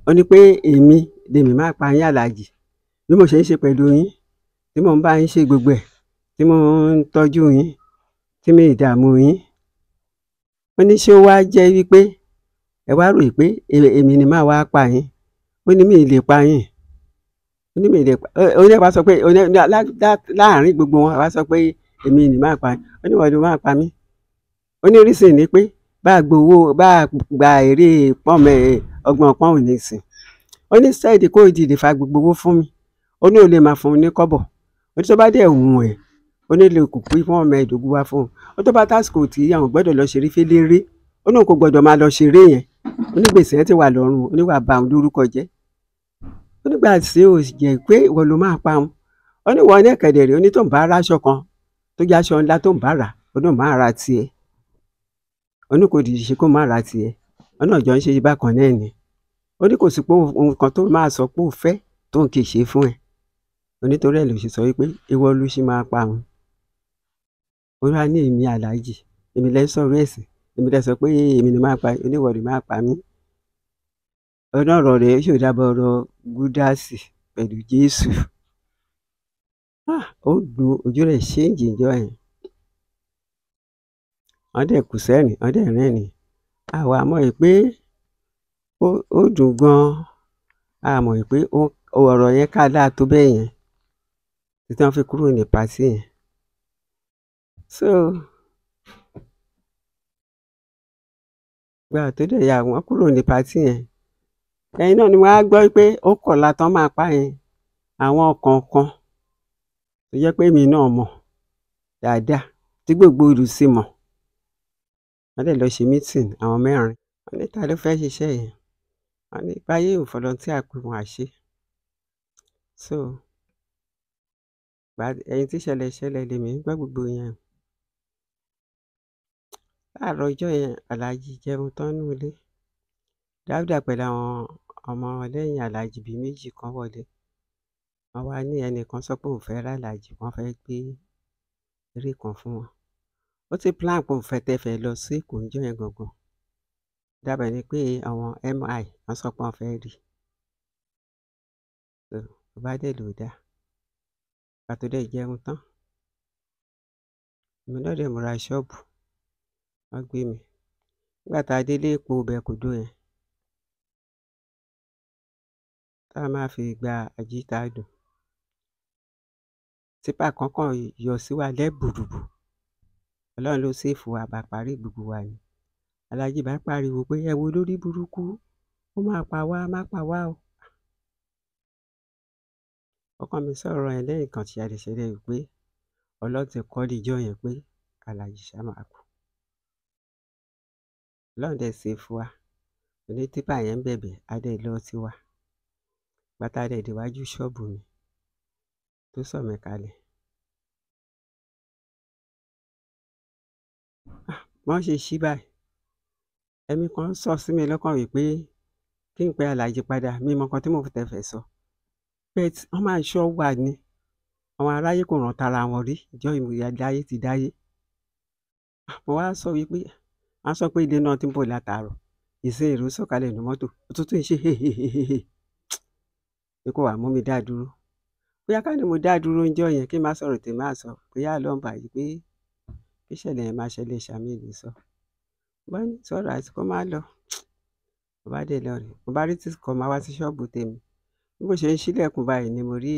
ó ní pé èmi lèmi máa pa yín àlàjì bí mo ṣe ń ṣe pẹ̀lú yín tí mò ń bá yín ṣe gbogbo ẹ̀ tí mò ń tọ́jú yín tí mi ìdààmú yín ó ní ṣé ó wá jẹ́ wípé ẹ wá rò pé èmi ni máa wá pa yín ó ní mi ì lè pa yín ó ní mi ì lè pa ó ní àwa sọ pé láàárín gbogbo wọn àwa sọ pé èmi ni máa pa ó ní wọ́n ni máa pa mí ó ni pé bá a gbowó bá a gba èrè pọ́nmẹ́ ọgbọ́n pọ́n ò ní sìn ó ní sẹ́ẹ̀dì kó ìdìdì fa gbogbo owó fún mi ó ní òun lè máa fún mi ní kọ́bọ̀ ó ní tó bá dẹ̀ wù ẹ̀ ó ní lè kù pé fún ọmọ ìdògùn wá fún un ó tó bá tásìkò tí àwọn gbọ́dọ̀ lọ ṣeré fẹ́lẹ́ rí ó kò gbọ́dọ̀ máa lọ ṣeré yẹn ó ní ti wà lọ́rùn ó ní òun lórúkọ jẹ́ ó nígbà tí ó jẹ́ pé ìwọ ló máa pa wọn ó ní ìwọ ní ẹ̀kẹ́dẹ̀ rẹ̀ ó ń bá ara aṣọ kan tó jẹ́ aṣọ ńlá tó ń bá rà ó máa ra tiẹ̀ ó ní kò dìde ṣe kó máa ra tiẹ̀ ó náà jọ ń ṣe bákan náà ni ó ní kò sí pé ohun kan tó máa sọ pé ó fẹ́ tó ń kì í ṣe fún ẹ onítorí ẹ ló ṣe sọ wípé ìwọ ló ṣe máa pa wọn ó rà ní èmi aláàjì èmi lẹ ẹ̀sìn èmi lẹ pé èmi ni máa pa oníwọ̀rì máa pa mí Ọ̀nà ọ̀rọ̀ rẹ̀ ṣòdàbọ̀ ọ̀rọ̀ Gueddesi pẹ̀lú Jésù. Háà! Ó dùn ojú rẹ̀ ṣéǹjì ńjọ́ yẹn. Wọ́n kù sẹ́rìn ọdẹ wọ́n dẹ̀ rẹ́rìn-ín. pé ó dùn gan-an. pé yẹn ká dáa tó títí yẹn. So ìgbà tó dẹ̀ yá, wọ́n kúrò ní yẹn. ẹ̀yìn náà ni wọ́n á gbọ́ pé ó kọ̀ látàn máa pa yẹn àwọn kọ̀ọ̀kan tó jẹ́ pé èmi náà mọ̀ dáadáa tí gbogbo ìlú sì mọ̀ wọ́n dẹ̀ lọ ṣe mítìn àwọn mẹ́rin wọ́n ní ta ló fẹ́ ṣiṣẹ́ yẹn wọ́n ní báyé ò fọlọ́ntì àpéwọn àṣẹ so ẹ̀yìn tí ìṣẹ̀lẹ̀ ìṣẹ̀lẹ̀ lèmi gbọ́ gbogbo yẹn láàárọ̀ ọjọ́ yẹn aláàjì jẹun tán ní ilé Dáúdà pẹ̀lú àwọn ọmọlẹ́yìn Aláàjì bíi méjì kan wọlé, wọ́n wá ní ẹnìkan sọ pé òun fẹ́ ràlàjì, wọ́n fẹ́ gbé eré kan fún wọn. Ó ti plan pé òun fẹ́ tẹ́ fẹ́ lọ sí Èkó níjọ́ yẹn gangan. Ìdà bíi ẹni pé àwọn MI wọ́n sọ pé wọ́n fẹ́ rí i. bá dẹ̀ ló dáa. Ìgbà dẹ̀ jẹun tán, èmi náà dẹ̀ múra ṣọ́ọ̀bù, wọ́n gbé mi. Nígbà tá a délé epo ibẹ̀ Kòjó yẹn, ká má fi gba àjítàdùn típà kan kàn yọ sí wa lẹ́bùrùbù ọlọ́run ló ṣèèfù wa bá parí gbogbo wa ni aláàjì bá pariwo pé ẹ wo lórí burúkú ó máa pa wá má pa wá o ọkàn mi sọ̀rọ̀ ẹ̀ lẹ́yìn kan tí a lè ṣẹlẹ̀ yìí pé ọlọ́run ti kọ́ níjọ́ yẹn pé aláàjì ṣá máa kú ọlọ́run dẹ̀ ṣèèfù wa onítìpà yẹn ń bẹ̀bẹ̀ adé lọ́ọ́ tiwa ìgbà tá a dẹ̀ déwájú ṣọ́ọ̀bù mi tó sọ̀ mí kalẹ̀ wọ́n ah, ṣe ṣí báyìí ẹ̀mí kan sọ sí mi lọ́kàn wípé kí n pe aláàjì padà mi mọ nǹkan tí mo tẹ̀ fẹ́ sọ pet wọ́n máa ń ṣọ́ wà ní àwọn aráyé kò ràn tara wọn rí ìjọ ìmùyà dáyé ti dáyé ah, mo wá sọ wípé a sọ pé ilé náà ti ń bọ̀ látàárọ̀ ìṣe èrò sọ̀kalẹ̀ ní mọ́tò òtútù ń ṣe hehehehe pé kó wàá mú mi dá dúró bóyá ká ní mo dá dúró ń jọ yẹn kí n má sọ̀rọ̀ tèmi à sọ bóyá lọ́nba yìí pé kí ìṣẹ̀lẹ̀ yẹn máa ṣẹlẹ̀ ṣàmì ìlú sọ bá ní sọ̀rọ̀ àti kó má lọ mo bá dé lọ rè mo bá rí tí kò máa wá sí ṣọ́ọ̀bù tèmi bí mo ṣe ń ṣílẹ̀kùn báyìí ni mo rí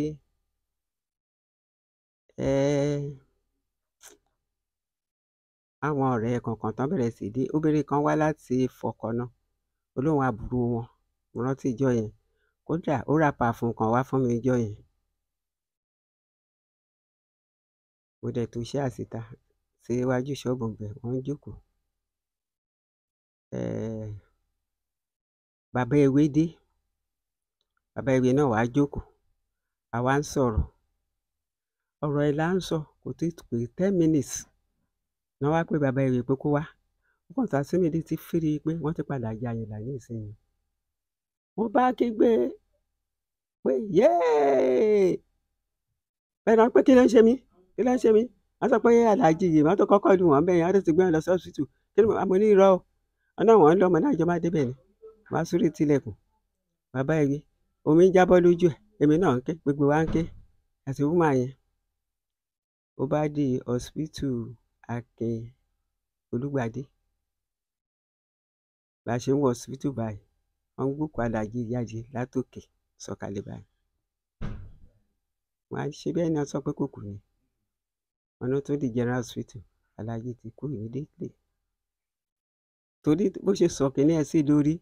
àwọn ọ̀rẹ́ kọ̀ọ̀kan tán bẹ̀rẹ̀ sí dé obìnrin kan wá láti fọkànnà olóhùn àbúrò wọn mo rántí ìjọ yẹn kódà ó ra pàfúùn kan wá fún mi níjọ́ yẹn mo dẹ̀ tó iṣẹ́ àṣetà sí iwájú ṣọ́ọ̀bù gbẹ̀ wọ́n ń jókòó bàbá ewé dé bàbá ewé náà wàá jókòó àwa ń sọ̀rọ̀ ọ̀rọ̀ ẹ̀ là ń sọ kò tí pé ten minutes ni wọ́n wá pé bàbá ewé pé kó wá wọ́n tà sí mi létí fírí pé wọ́n ti padà ya àyìnlá ìsinyìí wọ́n bá ké gbé pé yéè bẹ́ẹ̀ pé kí ló ń ṣe mí kí ló ń ṣe mí wọ́n sọ pé aláàjì yìí wọ́n tó kọ́kọ́ lù wọ́n bẹ́ẹ̀ yẹn wọ́n tó ti gbé wọn lọ sọ́ọ̀sìtù kí ló àmọ́ ah, ní irọ́ ọ̀nà wọn lọ́mọ náà jọ máa débẹ̀ ni màá súrì tilẹ̀kùn bàbá ẹ̀mí omi ń jábọ́ lójú ẹ̀ èmi náà ń ké gbogbo wa ń ké àti wúmà yẹn ó bá di ọsibítù akin olùgbàdé bá a ṣe ń wọ ọsibítù báyìí wọn ń gbókùn aláàjì ìyá yìí látòkè sọ̀kalẹ̀ báyìí. Wọ́n á ṣe bí ẹni sọ pé kò ni. Ọ̀nà tó di general hospital Alhaji ti kú immediately. Torí bó ṣe sọ kìíní ẹ̀ sí lórí,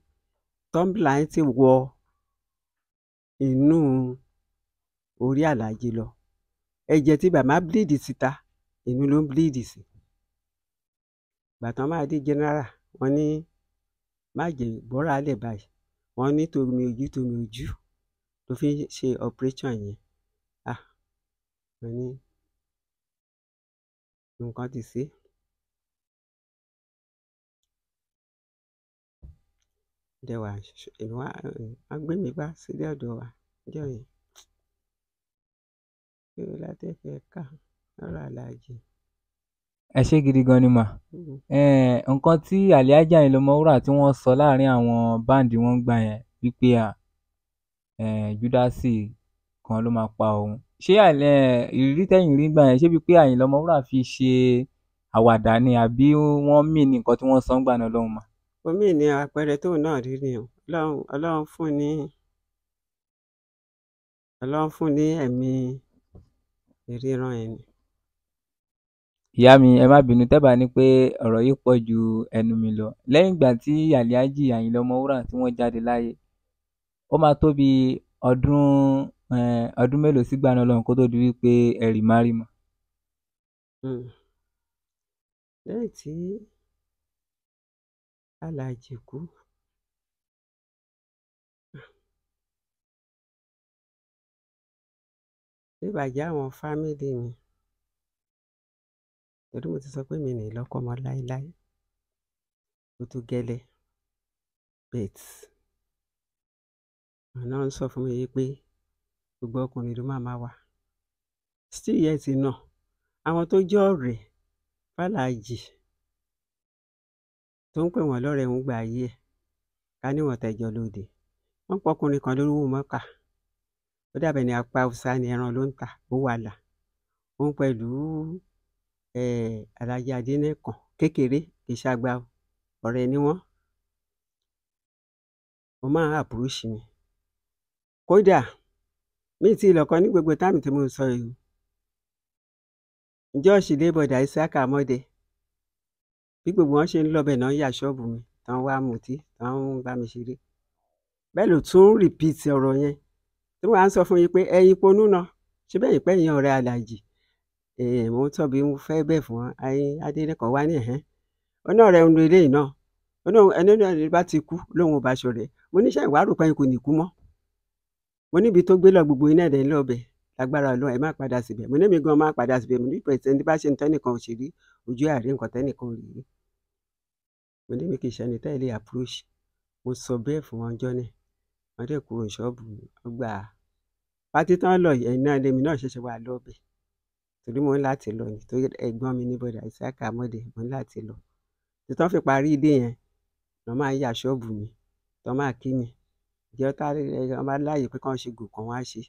tọ́ḿbìlà ẹ̀ ti wọ inú orí Alhaji lọ. Ẹ̀jẹ̀ tí bàmá bíléèdì síta, inú ló ń bíléèdì sí. Ìgbà máa dé general, wọ́n ní má jẹ́ gbọ́ra lẹ̀ báyìí. Wọ́n ní tòmì ojú tòmì ojú ló fi ń ṣe operation yẹn ah mo ní nǹkan ti ṣe é. dẹ wà èmi wá wọn gbé mi bá sílé ọ̀dọ̀ wa níjọ́ yẹn kí ló la tẹ fẹ ká lọ́rọ̀ aláàjì. ẹ ṣé gidi gan ni mà mm-hmm. nǹkan tí àlẹ́ ajá yẹn ló mọ wúrà tí wọ́n sọ láàrin àwọn báǹdì wọn gbà yẹn wípé Eh, Júdásì kan ló máa pa òun. Ṣé eh, ìrírí tẹ́yìn rí nígbà yẹn ṣé bíi pé Àyìnlá Ọmọwúrà fi ṣe àwàdà ni àbí wọ́n mean nǹkan tí wọ́n sọ nígbà náà lọ́hùn-ún mà? Mo mean ní àpẹẹrẹ tóun náà rí ni o. Ọlọ́run Ọlọ́run fún ní Ọlọ́run fún ní ẹ̀mí ìríran ẹ̀ ni. Ìyá mi ẹ má bínú tẹ́ bá ní pé ọ̀rọ̀ yìí pọ̀ ju ẹnu mi lọ. Lẹ́yìn ìgbà tí Alhaji Àyìnlá Ọmọwúrà tí wọ́n jáde láyé ó máa tó bí ọdún um ọdún mélòó sígbà náà lọ́hùn-ún kó tó di wípé ẹ rì márì mọ́. Hmm. lẹ́yìn tí aláàjì kú bíbàjẹ́ àwọn fámìlì mi torí mo ti sọ pé mi ní lọ́kọ mọ́ láéláé ó tó gẹ́lẹ́ bẹ́ẹ̀ Ọlọ́run sọ fún mi wípé gbogbo ọkùnrin ló máa máa wà. Still yet náà, àwọn tó jẹ́ ọ̀rẹ́ Fáláàjì tó ń pè wọ́n lọ́rẹ̀ẹ́ ńgbà ayé ẹ̀ ká ní wọ́n tẹjọ́ lóde. Wọ́n pe ọkùnrin kan lórúwò mọ́kà. Ó dàbẹ̀ ní apá Haúsá ni ẹran ló ń tà bówàlà. Òun pẹ̀lú um Alhaji Adéníkàn kékeré kì o, ọ̀rẹ́ ni wọ́n. Ó máa ń approach mi kódà mi ti ìlọ̀kan ní gbogbo táàmì tí mo sọ yìí jọ́ọ̀ṣì débọ̀dà isaac amọ́dẹ bí gbogbo wọn ṣe ń lọ́bẹ̀ náà ń yà ṣọ́ọ̀bù mi tán wá mutí tán ń bá mi ṣeré bẹ́ẹ̀ ló tún rìpíìtì ọ̀rọ̀ yẹn tí wọ́n á ń sọ fún yín pé ẹ̀yin ponú náà ṣé bẹ́ẹ̀ yín pẹ́yìn ọ̀rẹ́ aláàjì mo ń tọ́bi mo fẹ́ bẹ́ẹ̀ fún ayín adẹ́nìkan wá ní ẹ̀hẹ́n ọ̀nà ọ̀rẹ́ ń lo eléyìí náà ọ̀nà ẹni náà bá ti kú lóun ò bá ṣọ̀rẹ́ mo níṣẹ́ ìwárò pẹ́yìn kò ní kú mọ́ mo níbi tó gbé lọ gbogbo iná ẹ̀dẹ̀ ńlọ́ọ̀bẹ̀ lágbára ọlọ́run ẹ̀ má padà síbẹ̀ mo níbi gan máa padà síbẹ̀ mo ní pẹ̀sẹ̀ntì bá ṣe ń tẹ́nìkan ò ṣe rí ojú àárín nǹkan tẹ́nìkan ò rí mo níbi kì í ṣe ẹni tẹ́ ilé approach mo sọ bẹ́ẹ̀ fún wọn jọ́nẹ̀ wọ́n dẹ̀ kúrò ṣọ́ọ̀bù ọgbà pátí tán lọ ẹ̀yìn náà lèmi náà ṣẹ̀ṣẹ̀ wà lọ́ọ̀bẹ̀ torí mo ń láti lọ ni torí ẹ̀gbọ́n mi ní bọ́dà ìsáàkà mọ́dẹ mo ń láti lọ títọ́ fi parí ilé yẹn lọ́ jẹ́ ká ọmọ aláàyè pé kán ṣe gùn kan wá ṣe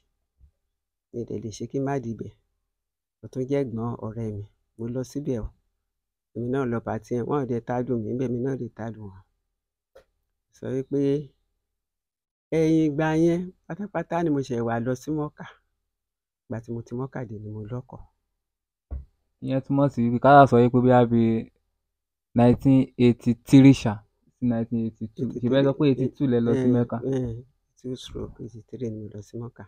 mi ò dẹ̀ lè ṣe kí n má dìbẹ̀ ó tún jẹ́ ẹ̀gbọ́n ọ̀rẹ́ mi mo lọ síbẹ̀ o èmi náà lọ pàtí ẹ̀ wọ́n ò dẹ̀ tálù mí níbẹ̀ èmi náà lè tálù wọn sọ wípé ẹ̀yìn ìgbà yẹn pátápátá ni mo ṣẹ̀ wá lọ sí mọ́kà ìgbà tí mo ti mọ́kà dé ni mo lọ́kọ̀ọ́. ìyẹn túmọ̀ sí ká sọ wípé bí a bí nineteen eighty three ṣáà sí nineteen eighty two ìbẹ́ sọ pé eighty two lẹ lọ sí mẹ́ka. two stroke eighty three ni mo lọ sí mọ́kà.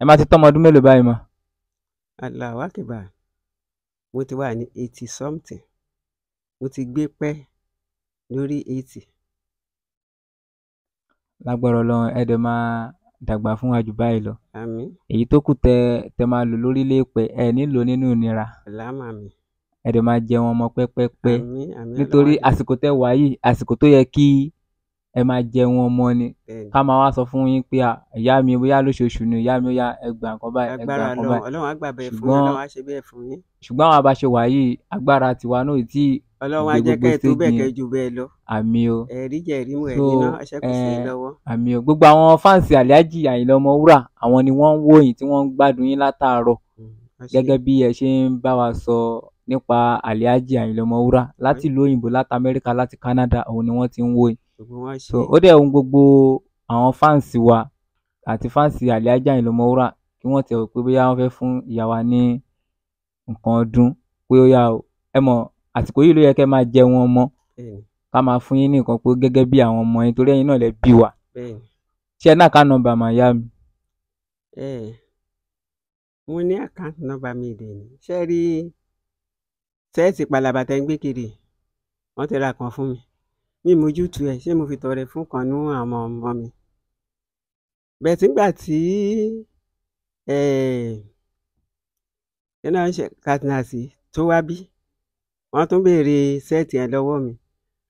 ẹ máa ti tọ́ ọmọ ọdún mélòó báyìí mọ́. aláwa kìbà mo ti wà ní eighty something mo ti gbé pẹ́ lórí eighty. lágbára Ọlọ́run ẹ dẹ̀ máa dàgbà fún wa jù báyìí lọ. àmín. èyí tó kù tẹ tẹ máa lò lórílẹ̀ èpè ẹ nílò nínú ìnira. àlámà mi ẹ dẹ̀ máa jẹ wọn mọ pẹ́pẹ́pẹ́ nítorí àsìkò tẹ́ wà yìí àsìkò tó yẹ kí ẹ máa jẹ wọn mọ ni ká máa wá sọ fún yín pé ìyá mi bóyá lóṣooṣù ni ìyá mi ó yá ẹgbà nǹkan báyìí ẹgbà nǹkan báyìí Ọlọ́run á gbà bẹ́ẹ̀ fún yín Ọlọ́run á ṣe bẹ́ẹ̀ fún yín. ṣùgbọ́n àwọn abàṣe wà yìí agbára tiwa náà ì tí Ọlọ́run á jẹ́ kẹ́ ẹ tó bẹ́ẹ̀ kẹ́ ju bẹ́ẹ̀ lọ. àmì o ẹ̀rí jẹ́ ẹ̀rí mu ẹ̀rí náà ẹ̀ṣẹ́ kò sí lọ́wọ́. àmì o gbogbo àwọn fáǹsì Alhaji Àyìnlá Ọmọwúrà àwọn ni wọ́n ń wò tí wọ́n ń gbádùn yín látàárọ̀ mm, gẹ́gẹ́ bí ẹ ṣe ń bá wa sọ nípa Alhaji Ayinla Ọmọwúrà láti ìlú òyìnbó láti Amẹ́ríkà láti Canada òun ni wọ́n ti ń wò yìí so ó dẹ̀ ohun gbogbo àwọn fáǹsì wa àti fáǹsì Alhaji Ayinla Ọmọwúrà kí wọ́n tiẹ̀ wò pé bóyá wọ́n fẹ́ fún ìyá wa ní nǹkan ọdún pé ó yá o ẹ mọ̀ àsìkò yìí ló yẹ kẹ́ máa jẹun ọmọ ká máa fún yín ní nǹkan pé gẹ́gẹ́ bí àwọn ọmọ yín torí ẹ̀yin náà lẹ bí wa ṣé ẹ ní àkáǹtì nọ́mbà màá yá mi. mo ní àkáǹtì nọ́mbà mi dè ní ṣe rí sẹ́ẹ̀tì palaba tẹ́ ń gbé kiri wọ́n ti ra kan fún mi mi mójútu ẹ̀ ṣé mo fi tọrẹ fún kan nú àwọn ọmọ mi bẹ́ẹ̀ sígbà tí ẹ̀ẹ́dẹ́nà katinasi tó wá bí wọ́n tún béèrè sẹ́ẹ̀tì ẹ̀ lọ́wọ́ mi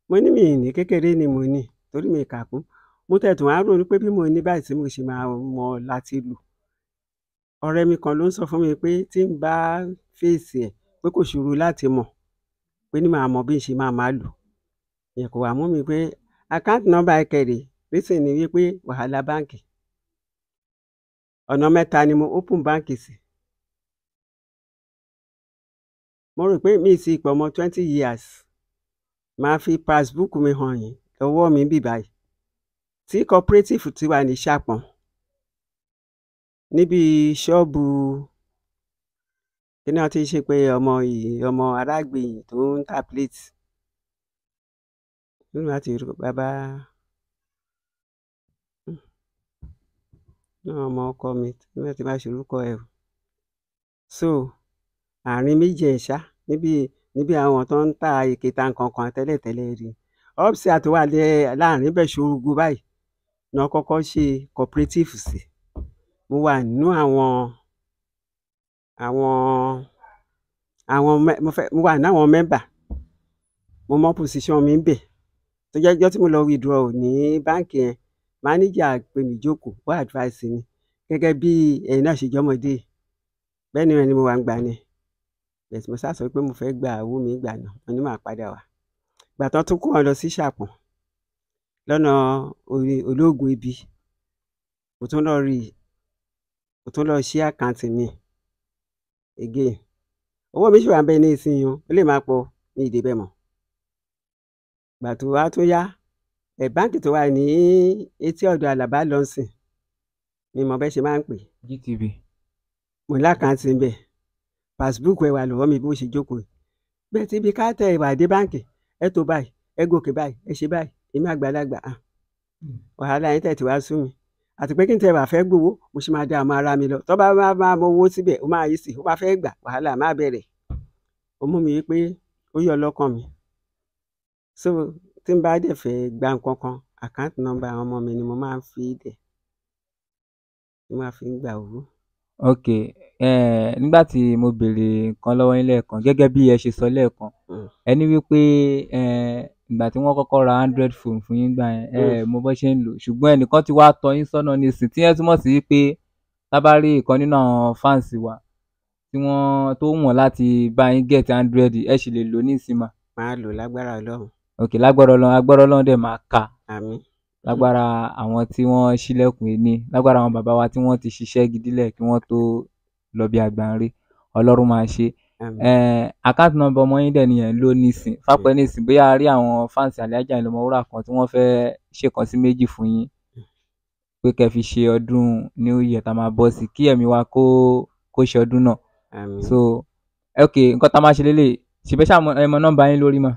mo ní mi ní kékeré ni mo ní torí mi kà kún mo tẹ̀tù wá ronú pé bí mo ní báyìí tí mo ṣe máa mọ láti lù ọ̀rẹ́ mi kan ló ń sọ fún mi pé tí n bá fèsì ẹ̀ pé kò ṣòro láti mọ̀ pé ní màá mọ bí n ṣe máa máa lò ìyẹn kò wá mú mi pé àkáǹtì nọ́mbà ìkẹrẹ rẹsẹ ni wípé wàhálà báǹkì ọ̀nà mẹ́ta ni mo open bank sí mo rò pé mi sì pọ̀ mọ́ twenty years màá fi passbook mi hàn yín lọ́wọ́ mi bì báyìí tí cooperative ti wà ní sàpọ̀n níbi ṣọ́ọ̀bù kí ni wọ́n ti ṣe pé ọmọ yìí ọmọ aráàgbèyìn tó ń ta plate nínú láti rí bàbá náà ọmọ ọkọ mi nígbà tí bá ṣe orúkọ ẹ o so àárín méjì ẹ ṣá níbi níbi àwọn tó ń ta ìkẹta kankan tẹ́lẹ̀tẹ́lẹ̀ rí ọ́fíìsì àtiwá láàrin bẹ̀ ṣòrogo báyìí náà kọ́kọ́ ṣe cooperative sí mo wà nínú àwọn àwọn àwọn mo fẹ́ mo wà ní àwọn mẹ́mbà mo mọ position mi ń bẹ̀ tó jẹ́ ọjọ́ tí mo lọ withdraw ní báǹkì yẹn máníjà pè mí jókòó wá advice mi gẹ́gẹ́ bí ẹ̀yin náà ṣe jọ́mọdé bẹ́ẹ̀ ni ẹni mo wà ń gbà ni bẹ́ẹ̀ mo sá sọ pé mo fẹ́ gba owó mi gbà náà mo ní màá padà wá gbà tán tún kó wọn lọ sí Ṣàpọ̀n lọ́nà olóògùn ibi mo tún lọ rí mo tún lọ ṣí àkáǹtì mi again owó mi ṣì wà ń bẹ ní ìsinyìí ó lè máa pọ̀ ní ìdè bẹ́ẹ̀ mọ́ gbà tó wá tó yá ẹ̀ báǹkì tó wà ní etí ọ̀dọ̀ àlàbá lọ́sìn mi mọ̀ bẹ́ẹ̀ ṣe máa ń pè. GTB. mo lákàntì ń bẹ̀ passbook ẹ̀ wà lọ́wọ́ mi bó ṣe jókòó bẹ́ẹ̀ ti ibi káàtẹ́ ẹ̀ wà dé báǹkì ẹ̀ tó báyìí ẹ̀ gòkè báyìí ẹ̀ ṣe báyìí èmi àgbàlagbà ah. hmm. wàhálà yín tẹ̀ tí wá sú mi àti pé kí n tẹ bá fẹ́ gbowó mo ṣe máa dá ọmọ ara mi lọ tó bá máa máa mọ owó síbẹ̀ ó máa yí sí ó bá fẹ́ gbà wàhálà máa bẹ̀rẹ̀ ó mú mi pé ó yọ lọ́kàn mi so tí n bá dẹ̀ fẹ́ gba nǹkan kan àkáǹtì nọ́mbà àwọn ọmọ mi ni mo máa ń fi dẹ̀ ni mo máa fi ń gbà owó. ok eh, nígbà tí mo béèrè nǹkan lọ́wọ́ yín lẹ́ẹ̀kan gẹ́gẹ́ bí ẹ ṣe sọ lẹ́ẹ̀kan hmm. ẹni wípé ìgbà tí wọ́n kọ́kọ́ ra android phone fún yín gbà yẹn ẹ mọ mm. bó ṣe ń lò ṣùgbọ́n ẹnìkan ti wá tọ́ yín sọ́nà ní ìsìn tí yẹn túmọ̀ sí pé tábàárí ìkan nínú àwọn fans wa tí wọ́n tó wọ̀n láti bá yín get android ẹ sì lè lò ní ìsìn mà. máa lò lágbára Ọlọ́run. ok lágbára Ọlọ́run agbára Ọlọ́run dẹ̀ máa kà. àmín. lágbára àwọn tí wọ́n ṣílẹ̀kùn ẹni lágbára àwọn bàbá wa tí wọ́n ti ṣiṣẹ́ gidilẹ̀ kí wọ́n tó lọ bí àgbà ń rí Ọlọ́run máa ṣe àkáǹtì nọ́mbà ọmọ yín dẹ̀ nìyẹn ló nísìn fápẹ́ nísìn bóyá a rí àwọn fáǹsì alájà ìlọmọwúrà kan tí wọ́n fẹ́ ṣèkan sí méjì fún yín pé kẹ́ fi ṣe ọdún new year tá a máa bọ́ sí kí ẹ̀mí wa kó kó ṣe ọdún náà so ok nǹkan tá a máa ṣe lélẹ̀ ṣèbẹ́ ṣá ẹ mọ nọ́mbà yín lórí mà.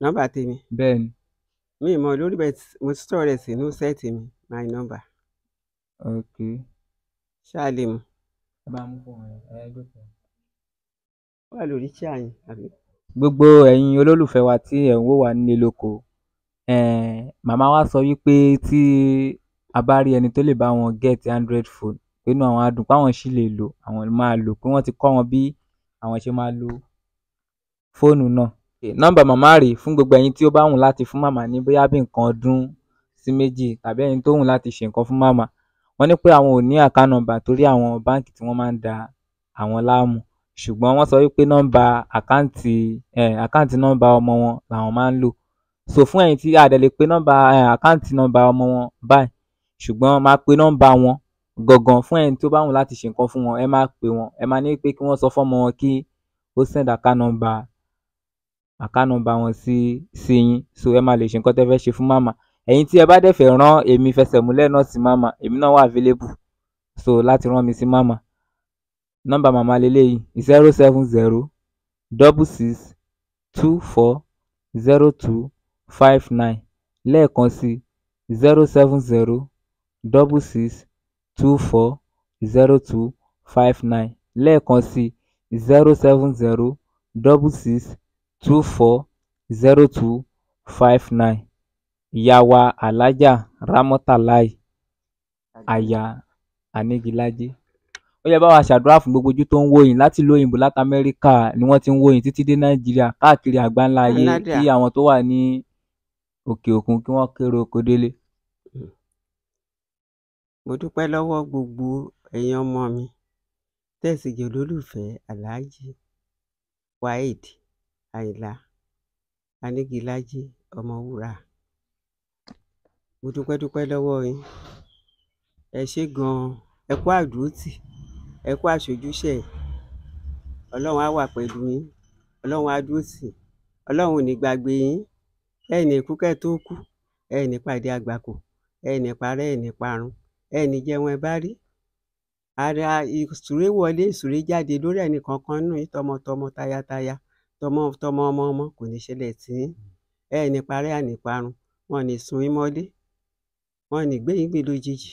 nọ́mbà tèmi bẹ́ẹ̀ ni. mi ì lórí bẹ́ẹ̀ mo ti rẹ̀ sínú sẹ́ẹ̀tì mi my number. ok. ṣáà lè mú. ẹ bá mú fún ọ ẹ gbé fún ọ wà lórí iṣẹ́ àyìn àbí. gbogbo ẹ̀yin olólùfẹ́ wa tí ẹ̀ ń wò wá nílé lóko màmá wa sọ wípé tí a bá rí ẹni tó lè bá wọn get android phone pẹ̀lú àwọn adùn páwọn sì lè lò àwọn máa lò pé wọ́n ti kọ́ wọn bí àwọn ṣe máa lo fóònù náà. nọ́mbà màmá rèé fún gbogbo ẹ̀yin tí ó bá wùn láti fún màmá ní bóyá bí nǹkan ọdún sí méjì tàbí ẹni tó wùn láti ṣe nǹkan fún màmá wọ́n ní pé àwọn ò ní àká nọ́mbà torí àwọn báǹkì tí wọ́n máa ń da àwọn láàmú ṣùgbọ́n wọ́n sọ wípé nọ́mbà àkáǹtì àkáǹtì nọ́mbà ọmọ wọn làwọn máa ń lò so fún ẹ̀yin tí a dẹ̀ lè pe nọ́mbà àkáǹtì nọ́mbà ọmọ wọn báyìí ṣùgbọ́n máa pe nọ́mbà wọn gangan fún ẹ̀yin tó bá wù láti ṣe nǹkan fún wọn ẹ máa pe wọn ẹ máa ní pé kí wọ́n sọ fọ́mọ wọn kí ó send account number account number wọn sí sí yín so ẹ máa lè ṣe nǹkan tẹ́ fẹ́ ṣe fún màmá ẹ̀yin tí ẹ bá dẹ̀ fẹ́ rán èmi fẹsẹ̀múlẹ̀ náà sí màmá èmi náà wà available so láti rán mi sí màmá nọ́mbà màmá leléyìí zero seven zero double six two four zero two five nine lẹ́ẹ̀kan sí zero seven zero double six two four zero two five nine lẹ́ẹ̀kan sí zero seven zero double six two four zero two five nine ìyá wa alájà rámọ́tàláì aya anígilájé ó yẹ bá wa ṣàdúrà fún gbogbo ojú tó ń wòyìn láti ìlú òyìnbó láti amẹ́ríkà ni wọ́n ti ń wòyìn títí dé nàìjíríà káàkiri àgbáńlá ayé kí àwọn tó wà ní òkè òkun kí wọ́n kéré oko délé. mo dúpẹ́ lọ́wọ́ gbogbo ẹ̀yin ọmọ mi tẹ̀sí jẹ́ olólùfẹ́ aláàjì waheed àyìnlá anígilájí ọmọwúrà mo dúpẹ́ dúpẹ́ lọ́wọ́ yín ẹ ṣé gan-an ẹ kú àdúrótì ẹ kú àṣojúṣe ọlọ́run á wà pẹ̀lú yín ọlọ́run á dúró tì ọlọ́run ò ní gbàgbé yín ẹ ní ikú kẹ́ tó kú ẹ ní pàdé àgbákò ẹ ní parẹ́ ẹ ní parun ẹ ní jẹun ẹ bá rí ara ìsúré wọlé ìsúré jáde lórí ẹnì kankan nù yín tọmọtọmọ tayátayá tọmọ tọmọ ọmọ ọmọ kò ní ṣẹlẹ̀ tì í ẹ ní parẹ́ àní wọn ní sun yín mọ́lé wọn ní gbé yín gbé lójijì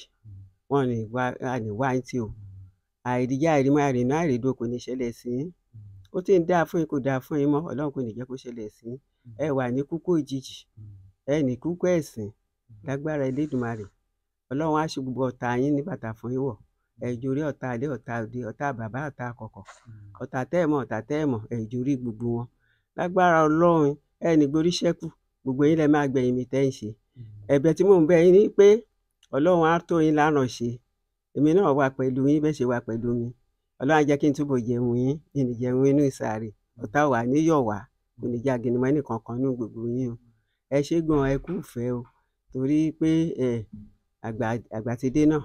wọn ní wá àní wá yín tì o. àìríyá àìrímọ àìrìnà àìrìndò kò ní ṣẹlẹ̀ sí i hmm. ó ti ń dá fún yín kò fún yín mọ́ Ọlọ́run kò ní jẹ́ kó ṣẹlẹ̀ sí i hmm. hmm. ẹ ní kúkú ìjìjì ẹ ní ẹ̀sìn lágbára ṣe gbogbo ọ̀tá yín ní bàtà fún yín wọ̀ ọ̀tá ọ̀tá òde ọ̀tá bàbá ọ̀tá àkọ́kọ́ ọ̀tá tẹ́ẹ̀mọ̀ ọ̀tá tẹ́ẹ̀mọ̀ gbogbo wọn lágbára Ọlọ́run ẹ ní gborí gbogbo yín máa gbẹ̀yìn mi tẹ́ ń ṣe ẹ̀bẹ̀ tí mò ń yín èmi náà wà pẹ̀lú yín bẹ́ẹ̀ ṣe wà pẹ̀lú mi ọlọ́run á jẹ́ kí n túbọ̀ jẹun yín kí n jẹun inú ìsàrè ọ̀tá wà níyọ̀ wá kò ní já gẹnìmọ́ ẹnìkankan nínú gbogbo yín o ẹ ṣé gan ẹ kú ìfẹ́ o torí pé ẹ àgbà ti dé náà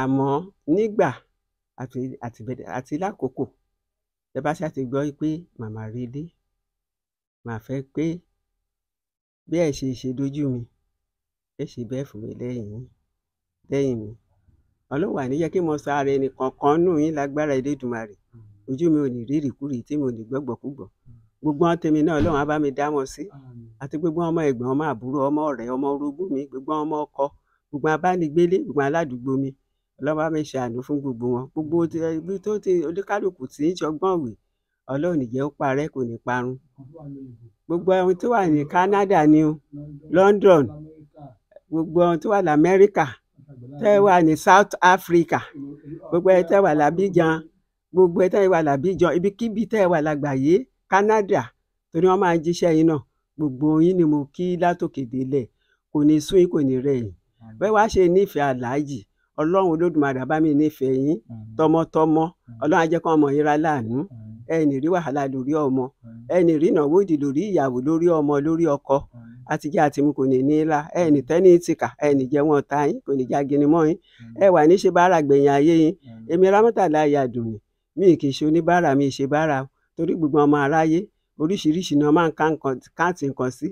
àmọ́ nígbà àti lákòókò ẹ bá ṣáà ti gbọ́ pé màmá rí dé màá fẹ́ pé bí ẹ ṣe ṣe dojú mi ẹ ṣe bẹ́ẹ̀ fún mi lẹ́yìn mi lẹ́yìn mi ọlọ́wà níjẹ́ kí mo sáré ẹnì kankan nù yín lágbára Elédùmarè hmm. ojú mi ò ní rí ìrìkúrì tí mo ní gbọ́gbọ́kúgbọ́ hmm. gbogbo ọ̀n tèmi náà ọlọ́run á bá mi dá wọn sí hmm. àti gbogbo ọmọ ẹ̀gbọ́n ọmọ àbúrò ọmọ ọ̀rẹ́ ọmọ orogún mi gbogbo ọmọ ọkọ gbogbo abánigbélé gbogbo aládùúgbò mi ọlọ́run bá mi ṣe àánú fún gbogbo wọn gbogbo ibi tó ti oníkálukú tí ń ṣọgbọ́n wì ọlọ́run nìjẹ́ ó parẹ́ kò ní parun gbogbo ohun tó wà ní Canada ni London gbogbo ohun tó wà ní Amẹ́ríkà tẹ́ wà ní South Africa gbogbo ẹ tẹ́ wà l'Abidjan gbogbo ẹ tẹ́ wà l'Abidjan ibikíbi tẹ́ wà lágbàáyé Canada torí wọ́n máa ń jíṣẹ́ yín náà gbogbo yín ni mo kí látòkè délẹ̀ kò ní sún yín kò ní rẹ̀ yín bẹ́ẹ̀ wá ṣe nífẹ̀ẹ́ aláàjì ọlọ́run olódùmarè bá mi nífẹ̀ẹ́ yín tọmọtọmọ ọlọ́run á jẹ́ kó ọmọ yín ra láàánú ẹnì rí wàhálà lórí ọmọ ẹnì rí ìnáwó ìdì lórí ìyàwó lórí ọmọ lórí ọkọ àtijẹ àtìmú kò ní ní la ẹ ní tẹ́ ní tìkà ẹ ní jẹ́ wọn ta yín kò ní já gini mọ́ yín ẹ wà ní ṣe bára gbẹ̀yìn ayé yín èmi rámọ́tàlá yàdùn ni mi kì í ṣe oníbàárà mi ṣe bára torí gbogbo ọmọ aráyé oríṣiríṣi ni wọ́n máa ń káǹtì nǹkan sí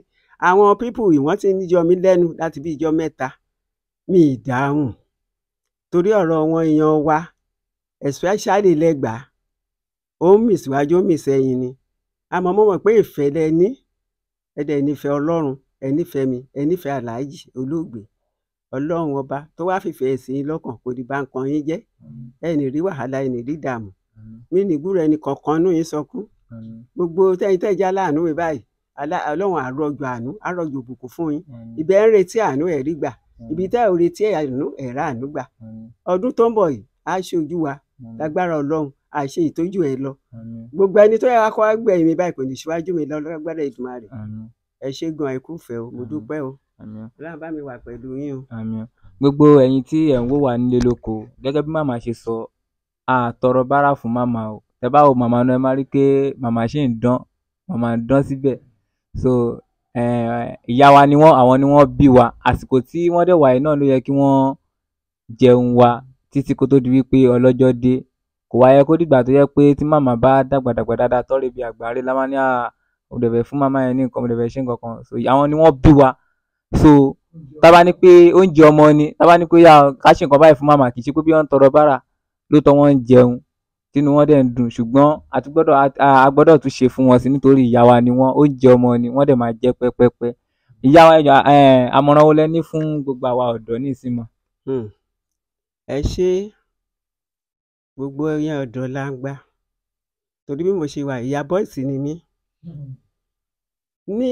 àwọn pípù ìwọ́n ti ń jọ mí lẹ́nu láti bí ìjọ mẹ́ta mi ì dáhùn torí ọ̀rọ̀ wọn èèyàn wa especially lẹ́gbàá ó ń mì síwájú ó ń mì sẹ́yìn ni àmọ́ mo mọ̀ pé ìfẹ́ lẹ ní ẹ dẹ̀ nífẹ̀ẹ́ ọlọ́run ẹ nífẹ̀ẹ́ mi ẹ nífẹ̀ẹ́ aláàjì olóògbé ọlọ́run ọba tó wá fìfẹ́ sí i lọ́kàn kò ní bá nǹkan yín jẹ́ ẹ rí wàhálà ẹ rí dààmú mí ní gbúrò kọ̀ọ̀kan nú yín sọkún gbogbo tẹ́yìn tẹ́jà láàánú mi báyìí ọlọ́run àrọ̀jò àánú àrọ̀jò òbùkún fún yín ibẹ̀ ń retí àánú ẹ̀ rí gbà ibi tẹ́ ò retí àánú ẹ̀ rà àánú gbà ọdún tó ń bọ̀ yìí á ṣe ojú wa lágbára ọlọ́run àṣe ìtọ́jú ẹ lọ gbogbo ẹni tó yára kọ́ gbẹ̀yìn mi báyìí kò ní síwájú mi lọ́gbàdà Èdùmàrè ẹ ṣé gan àìkú fẹ́ o mo dúpẹ́ o láwọn bá mi wà pẹ̀lú yín o. gbogbo ẹ̀yin tí ẹ ń wò wá nílé lóko gẹ́gẹ́ bí màmá ṣe sọ àtọrọ bára fún màmá o tẹ bá wo màmá náà ẹ má rí pé màmá ṣì ń dán màmá ń dán síbẹ̀ so ìyá wa ni wọ́n àwọn ni wọ́n bí wa àsìkò tí wọ́n dẹ̀ wà yìí náà ló yẹ kí wọ́n jẹun wa títí kó tó di wípé ọlọ́jọ́ dé kò wá yẹ kó dìgbà tó jẹ́ pé tí màmá bá dàgbà dàgbà dáadáa tọ́rọ̀ ibi àgbáre la máa ní àà mo dẹ̀ fẹ́ fún màmá yẹn ní nǹkan mo ṣe nǹkan so àwọn ni wọ́n bí wa so tábà ní pé oúnjẹ ọmọ ni tábà ní pé yà ká ṣe nǹkan báyìí fún màmá kì í ṣe pé bí wọ́n ń tọrọ bára ló tọ́ wọ́n ń jẹun tínú wọn dẹ̀ ń dùn ṣùgbọ́n a gbọ́dọ̀ tún ṣe fún wọn sí nítorí ìyá wa ni wọ́n oúnjẹ ọmọ ni wọ́n dẹ̀ máa jẹ́ pẹ́pẹ́pẹ́ ìyá wa àmọ̀ràn wo lẹ ní fún gbogbo àwa ọ̀dọ́ ní ìsinmi. Hmm. ẹ ṣé gbogbo ẹyàn ọ̀dọ́ la ń gbá torí bí mo ṣe wà ìyá bọ́ìsì ni mí ní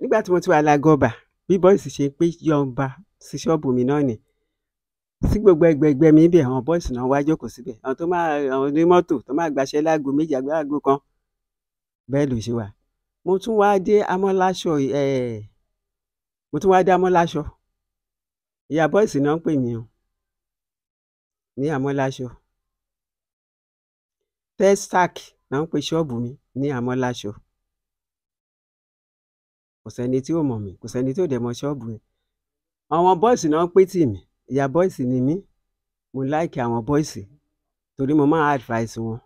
nígbà tí mo ti wà lágọ́bà bí bọ́ìsì ṣe pé yọ̀ǹba sí ṣọ́ọ̀bù mi náà ni sí gbogbo ẹgbẹgbẹ mi bẹ àwọn bọ́ìsì náà wá jókòó síbẹ̀ àwọn tó máa àwọn onímọ́tò tó máa gbàṣẹ láago méjì àgbàlagbò kan bẹ́ẹ̀ ló ṣe wà mo tún wá dé amọ́láṣọ ẹ̀ mo tún wá dé amọ́láṣọ ìyá bọ́ìsì náà ń pè mí o ní amọ́láṣọ Teshnak ni wọ́n pe ṣọ́ọ̀bù mi ní Amọ́láṣọ. Kò sẹ́ni tí ò mọ̀ mí, kò sẹ́ni tí ò dẹ̀ mọ ṣọ́ọ̀bù mi. Àwọn bọ́ìsì náà pé tì mí, ìyá bọ́ìsì ni mí, mo láìkì àwọn bọ́ìsì torí mo máa advice wọn.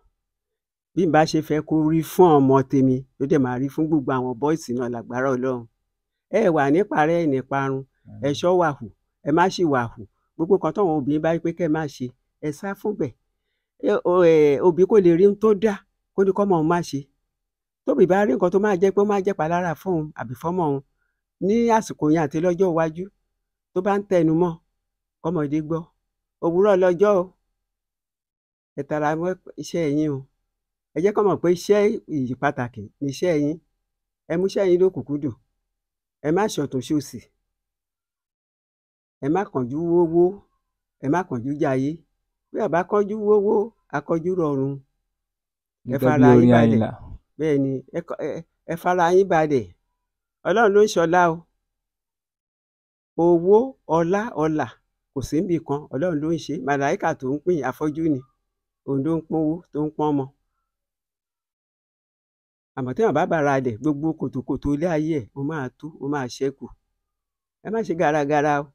Bí n bá ṣe fẹ́ kó rí fún ọmọ tèmi ló dẹ̀ máa rí fún gbogbo àwọn bọ́ìsì náà lágbára Ọlọ́run. Ẹ wà níparẹ́ ẹ̀ níparun, ẹ mm. ṣọ́ wà hù, ẹ má ṣì wà hù, gbogbo kan táwọn obìnrin bá rí pé kẹ́ ẹ má ṣe, ẹ sá fúnbẹ̀ òbí kò lè rí ohun tó dá kó ní kọ́mọ òun má ṣe tóbi bá rí nǹkan tó máa jẹ́ pé ó máa jẹ́ palára fún òun àbí fọ́mọ òun ní àsìkò yẹn àti lọ́jọ́ iwájú tó bá ń tẹnu mọ́ kọ́mọdé gbọ́ òwúrọ̀ lọ́jọ́ o ẹ tara iṣẹ́ yín o ẹ jẹ́ kọ́mọ pé iṣẹ́ ìyí pàtàkì ni iṣẹ́ yín ẹ mú iṣẹ́ yín lókùnkúndùn ẹ má ṣọ̀tún ṣòsì ẹ má kánjú wówó ẹ má kánjú jayé bí a bá kánjú wọ́wọ́ akánjú rọrùn ẹ fara yín balẹ̀ bẹ́ẹ̀ ni ẹ fara yín balẹ̀ ọlọ́run ló ń ṣọlá o owó ọlá ọlà kò sí níbì kan ọlọ́run ló ń ṣe màláìkà tó ń pín afọ́jú ni òun ló ń pọ́nwó tó ń pọ́n ọmọ àmọ́ téèyàn bá bàrà rẹ̀ gbogbo kòtòkòtò ilé ayé ẹ̀ ó máa tú ó máa ṣẹ́kù ẹ má ṣe gàràgàrà o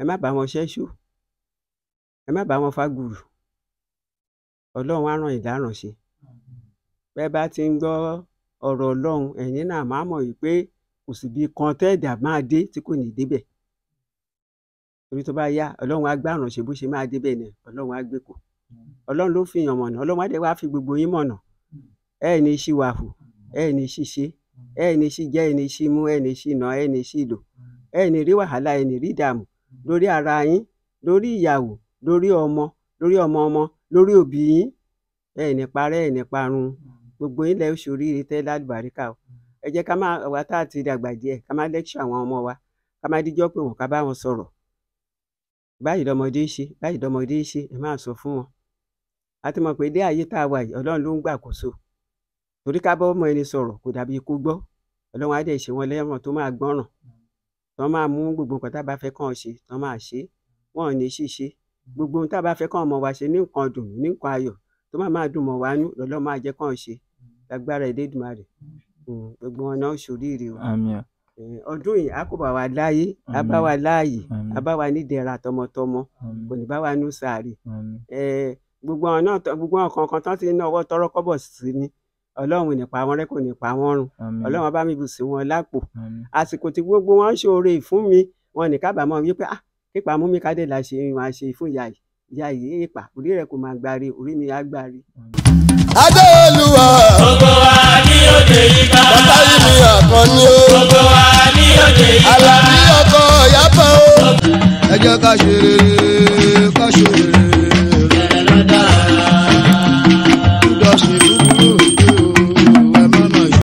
ẹ má bá wọn ṣẹ́ṣù ẹ má bá wọn fa gùrù ọlọ́run á ràn yín láránṣe bẹ́ẹ̀ bá ti ń gbọ́ ọ̀rọ̀ ọlọ́run ẹ̀yin náà máa mọ̀ yìí pé kò sì bí kan tẹ́ẹ̀dà máa dé tí kò ní débẹ̀ torí tó bá yá ọlọ́run á gbá àránṣe bó ṣe máa débẹ̀ ni ọlọ́run á gbé kò ọlọ́run ló fi yàn mọ̀nà ọlọ́run á dẹ̀ wá fi gbogbo yín mọ̀nà ẹ̀ ní í ṣì wà hù ẹ̀ ní í ṣì ṣe ẹ̀ ní í ṣì jẹ́ ẹ̀ ní í ṣì mú ẹ̀ ní í ṣì nà ẹ̀ ní í ṣì lò ẹ̀ ní rí wàhálà ẹ̀ ní rí ìdààmú lórí ara yín lórí ìyàwó lórí ọmọ lórí ọmọ ọmọ lórí òbí yín ẹ ní parẹ́ ẹ ní parun gbogbo yín lẹ ó ṣoríire lálùbáríkà o ẹ jẹ́ ká máa wá tá a ti dàgbà díẹ̀ ká má lecture àwọn ọmọ wa ká má díjọ́ pé wọ́n ká bá wọn sọ̀rọ̀ báyìí lọmọdé ṣe báyìí lọmọdé ṣe ẹ máa sọ fún wọn a ti mọ̀ pé dé ayé tá a wà yìí ọlọ́run ló ń gbàkóso torí ká bá ọmọ ẹni sọ̀rọ̀ kò dàbí ikú gbọ́ ọlọ́run á dẹ̀ ṣe wọn lẹ́wọ̀n tó máa gbọ́ràn tó máa mú gbogbo nǹkan tá a bá fẹ́ kàn ṣe tó máa ṣe wọn ò ní ṣìṣe gbogbo ohun tá a bá fẹ́ kọ́ ọmọ wa ṣe ní nǹkan dùn ní nǹkan ayọ̀ tó máa máa dùn mọ́ wa nú lọ́lọ́ máa jẹ́ kàn ṣe mm. lágbára Ẹlẹ́dùmarè mm, gbogbo wọn náà ṣoríire o eh, ọdún yìí a kò bá wa láyé a bá wa láàyè a bá wa nídẹ̀ra tọmọtọmọ kò ní bá wa nú sàárè eh, gbogbo wọn náà gbogbo wọn kankan tán ti ní ọwọ́ tọrọ kọ́bọ̀ sí ni ọlọ́run nípa wọn rẹ kò nípa wọn run ọlọ́run bá mi bù sí wọn lápò àsìkò tí gbogbo wọn ṣoore fún mi wọn ní kábàámọ̀ wípé ah ipa múmikádé la ṣe irun àṣe fún ìyá yìí ìyá yìí ipa orí rẹ kò máa gbáre orí mi á gbáre. adéolúwa gbogbo wa ní òde ibà bàbá yìí mi àkàn ni ó gbogbo wa ní òde ibà alábí ọkọ yàtọ̀ ẹ jẹ́ ká ṣe rere ká ṣe rere.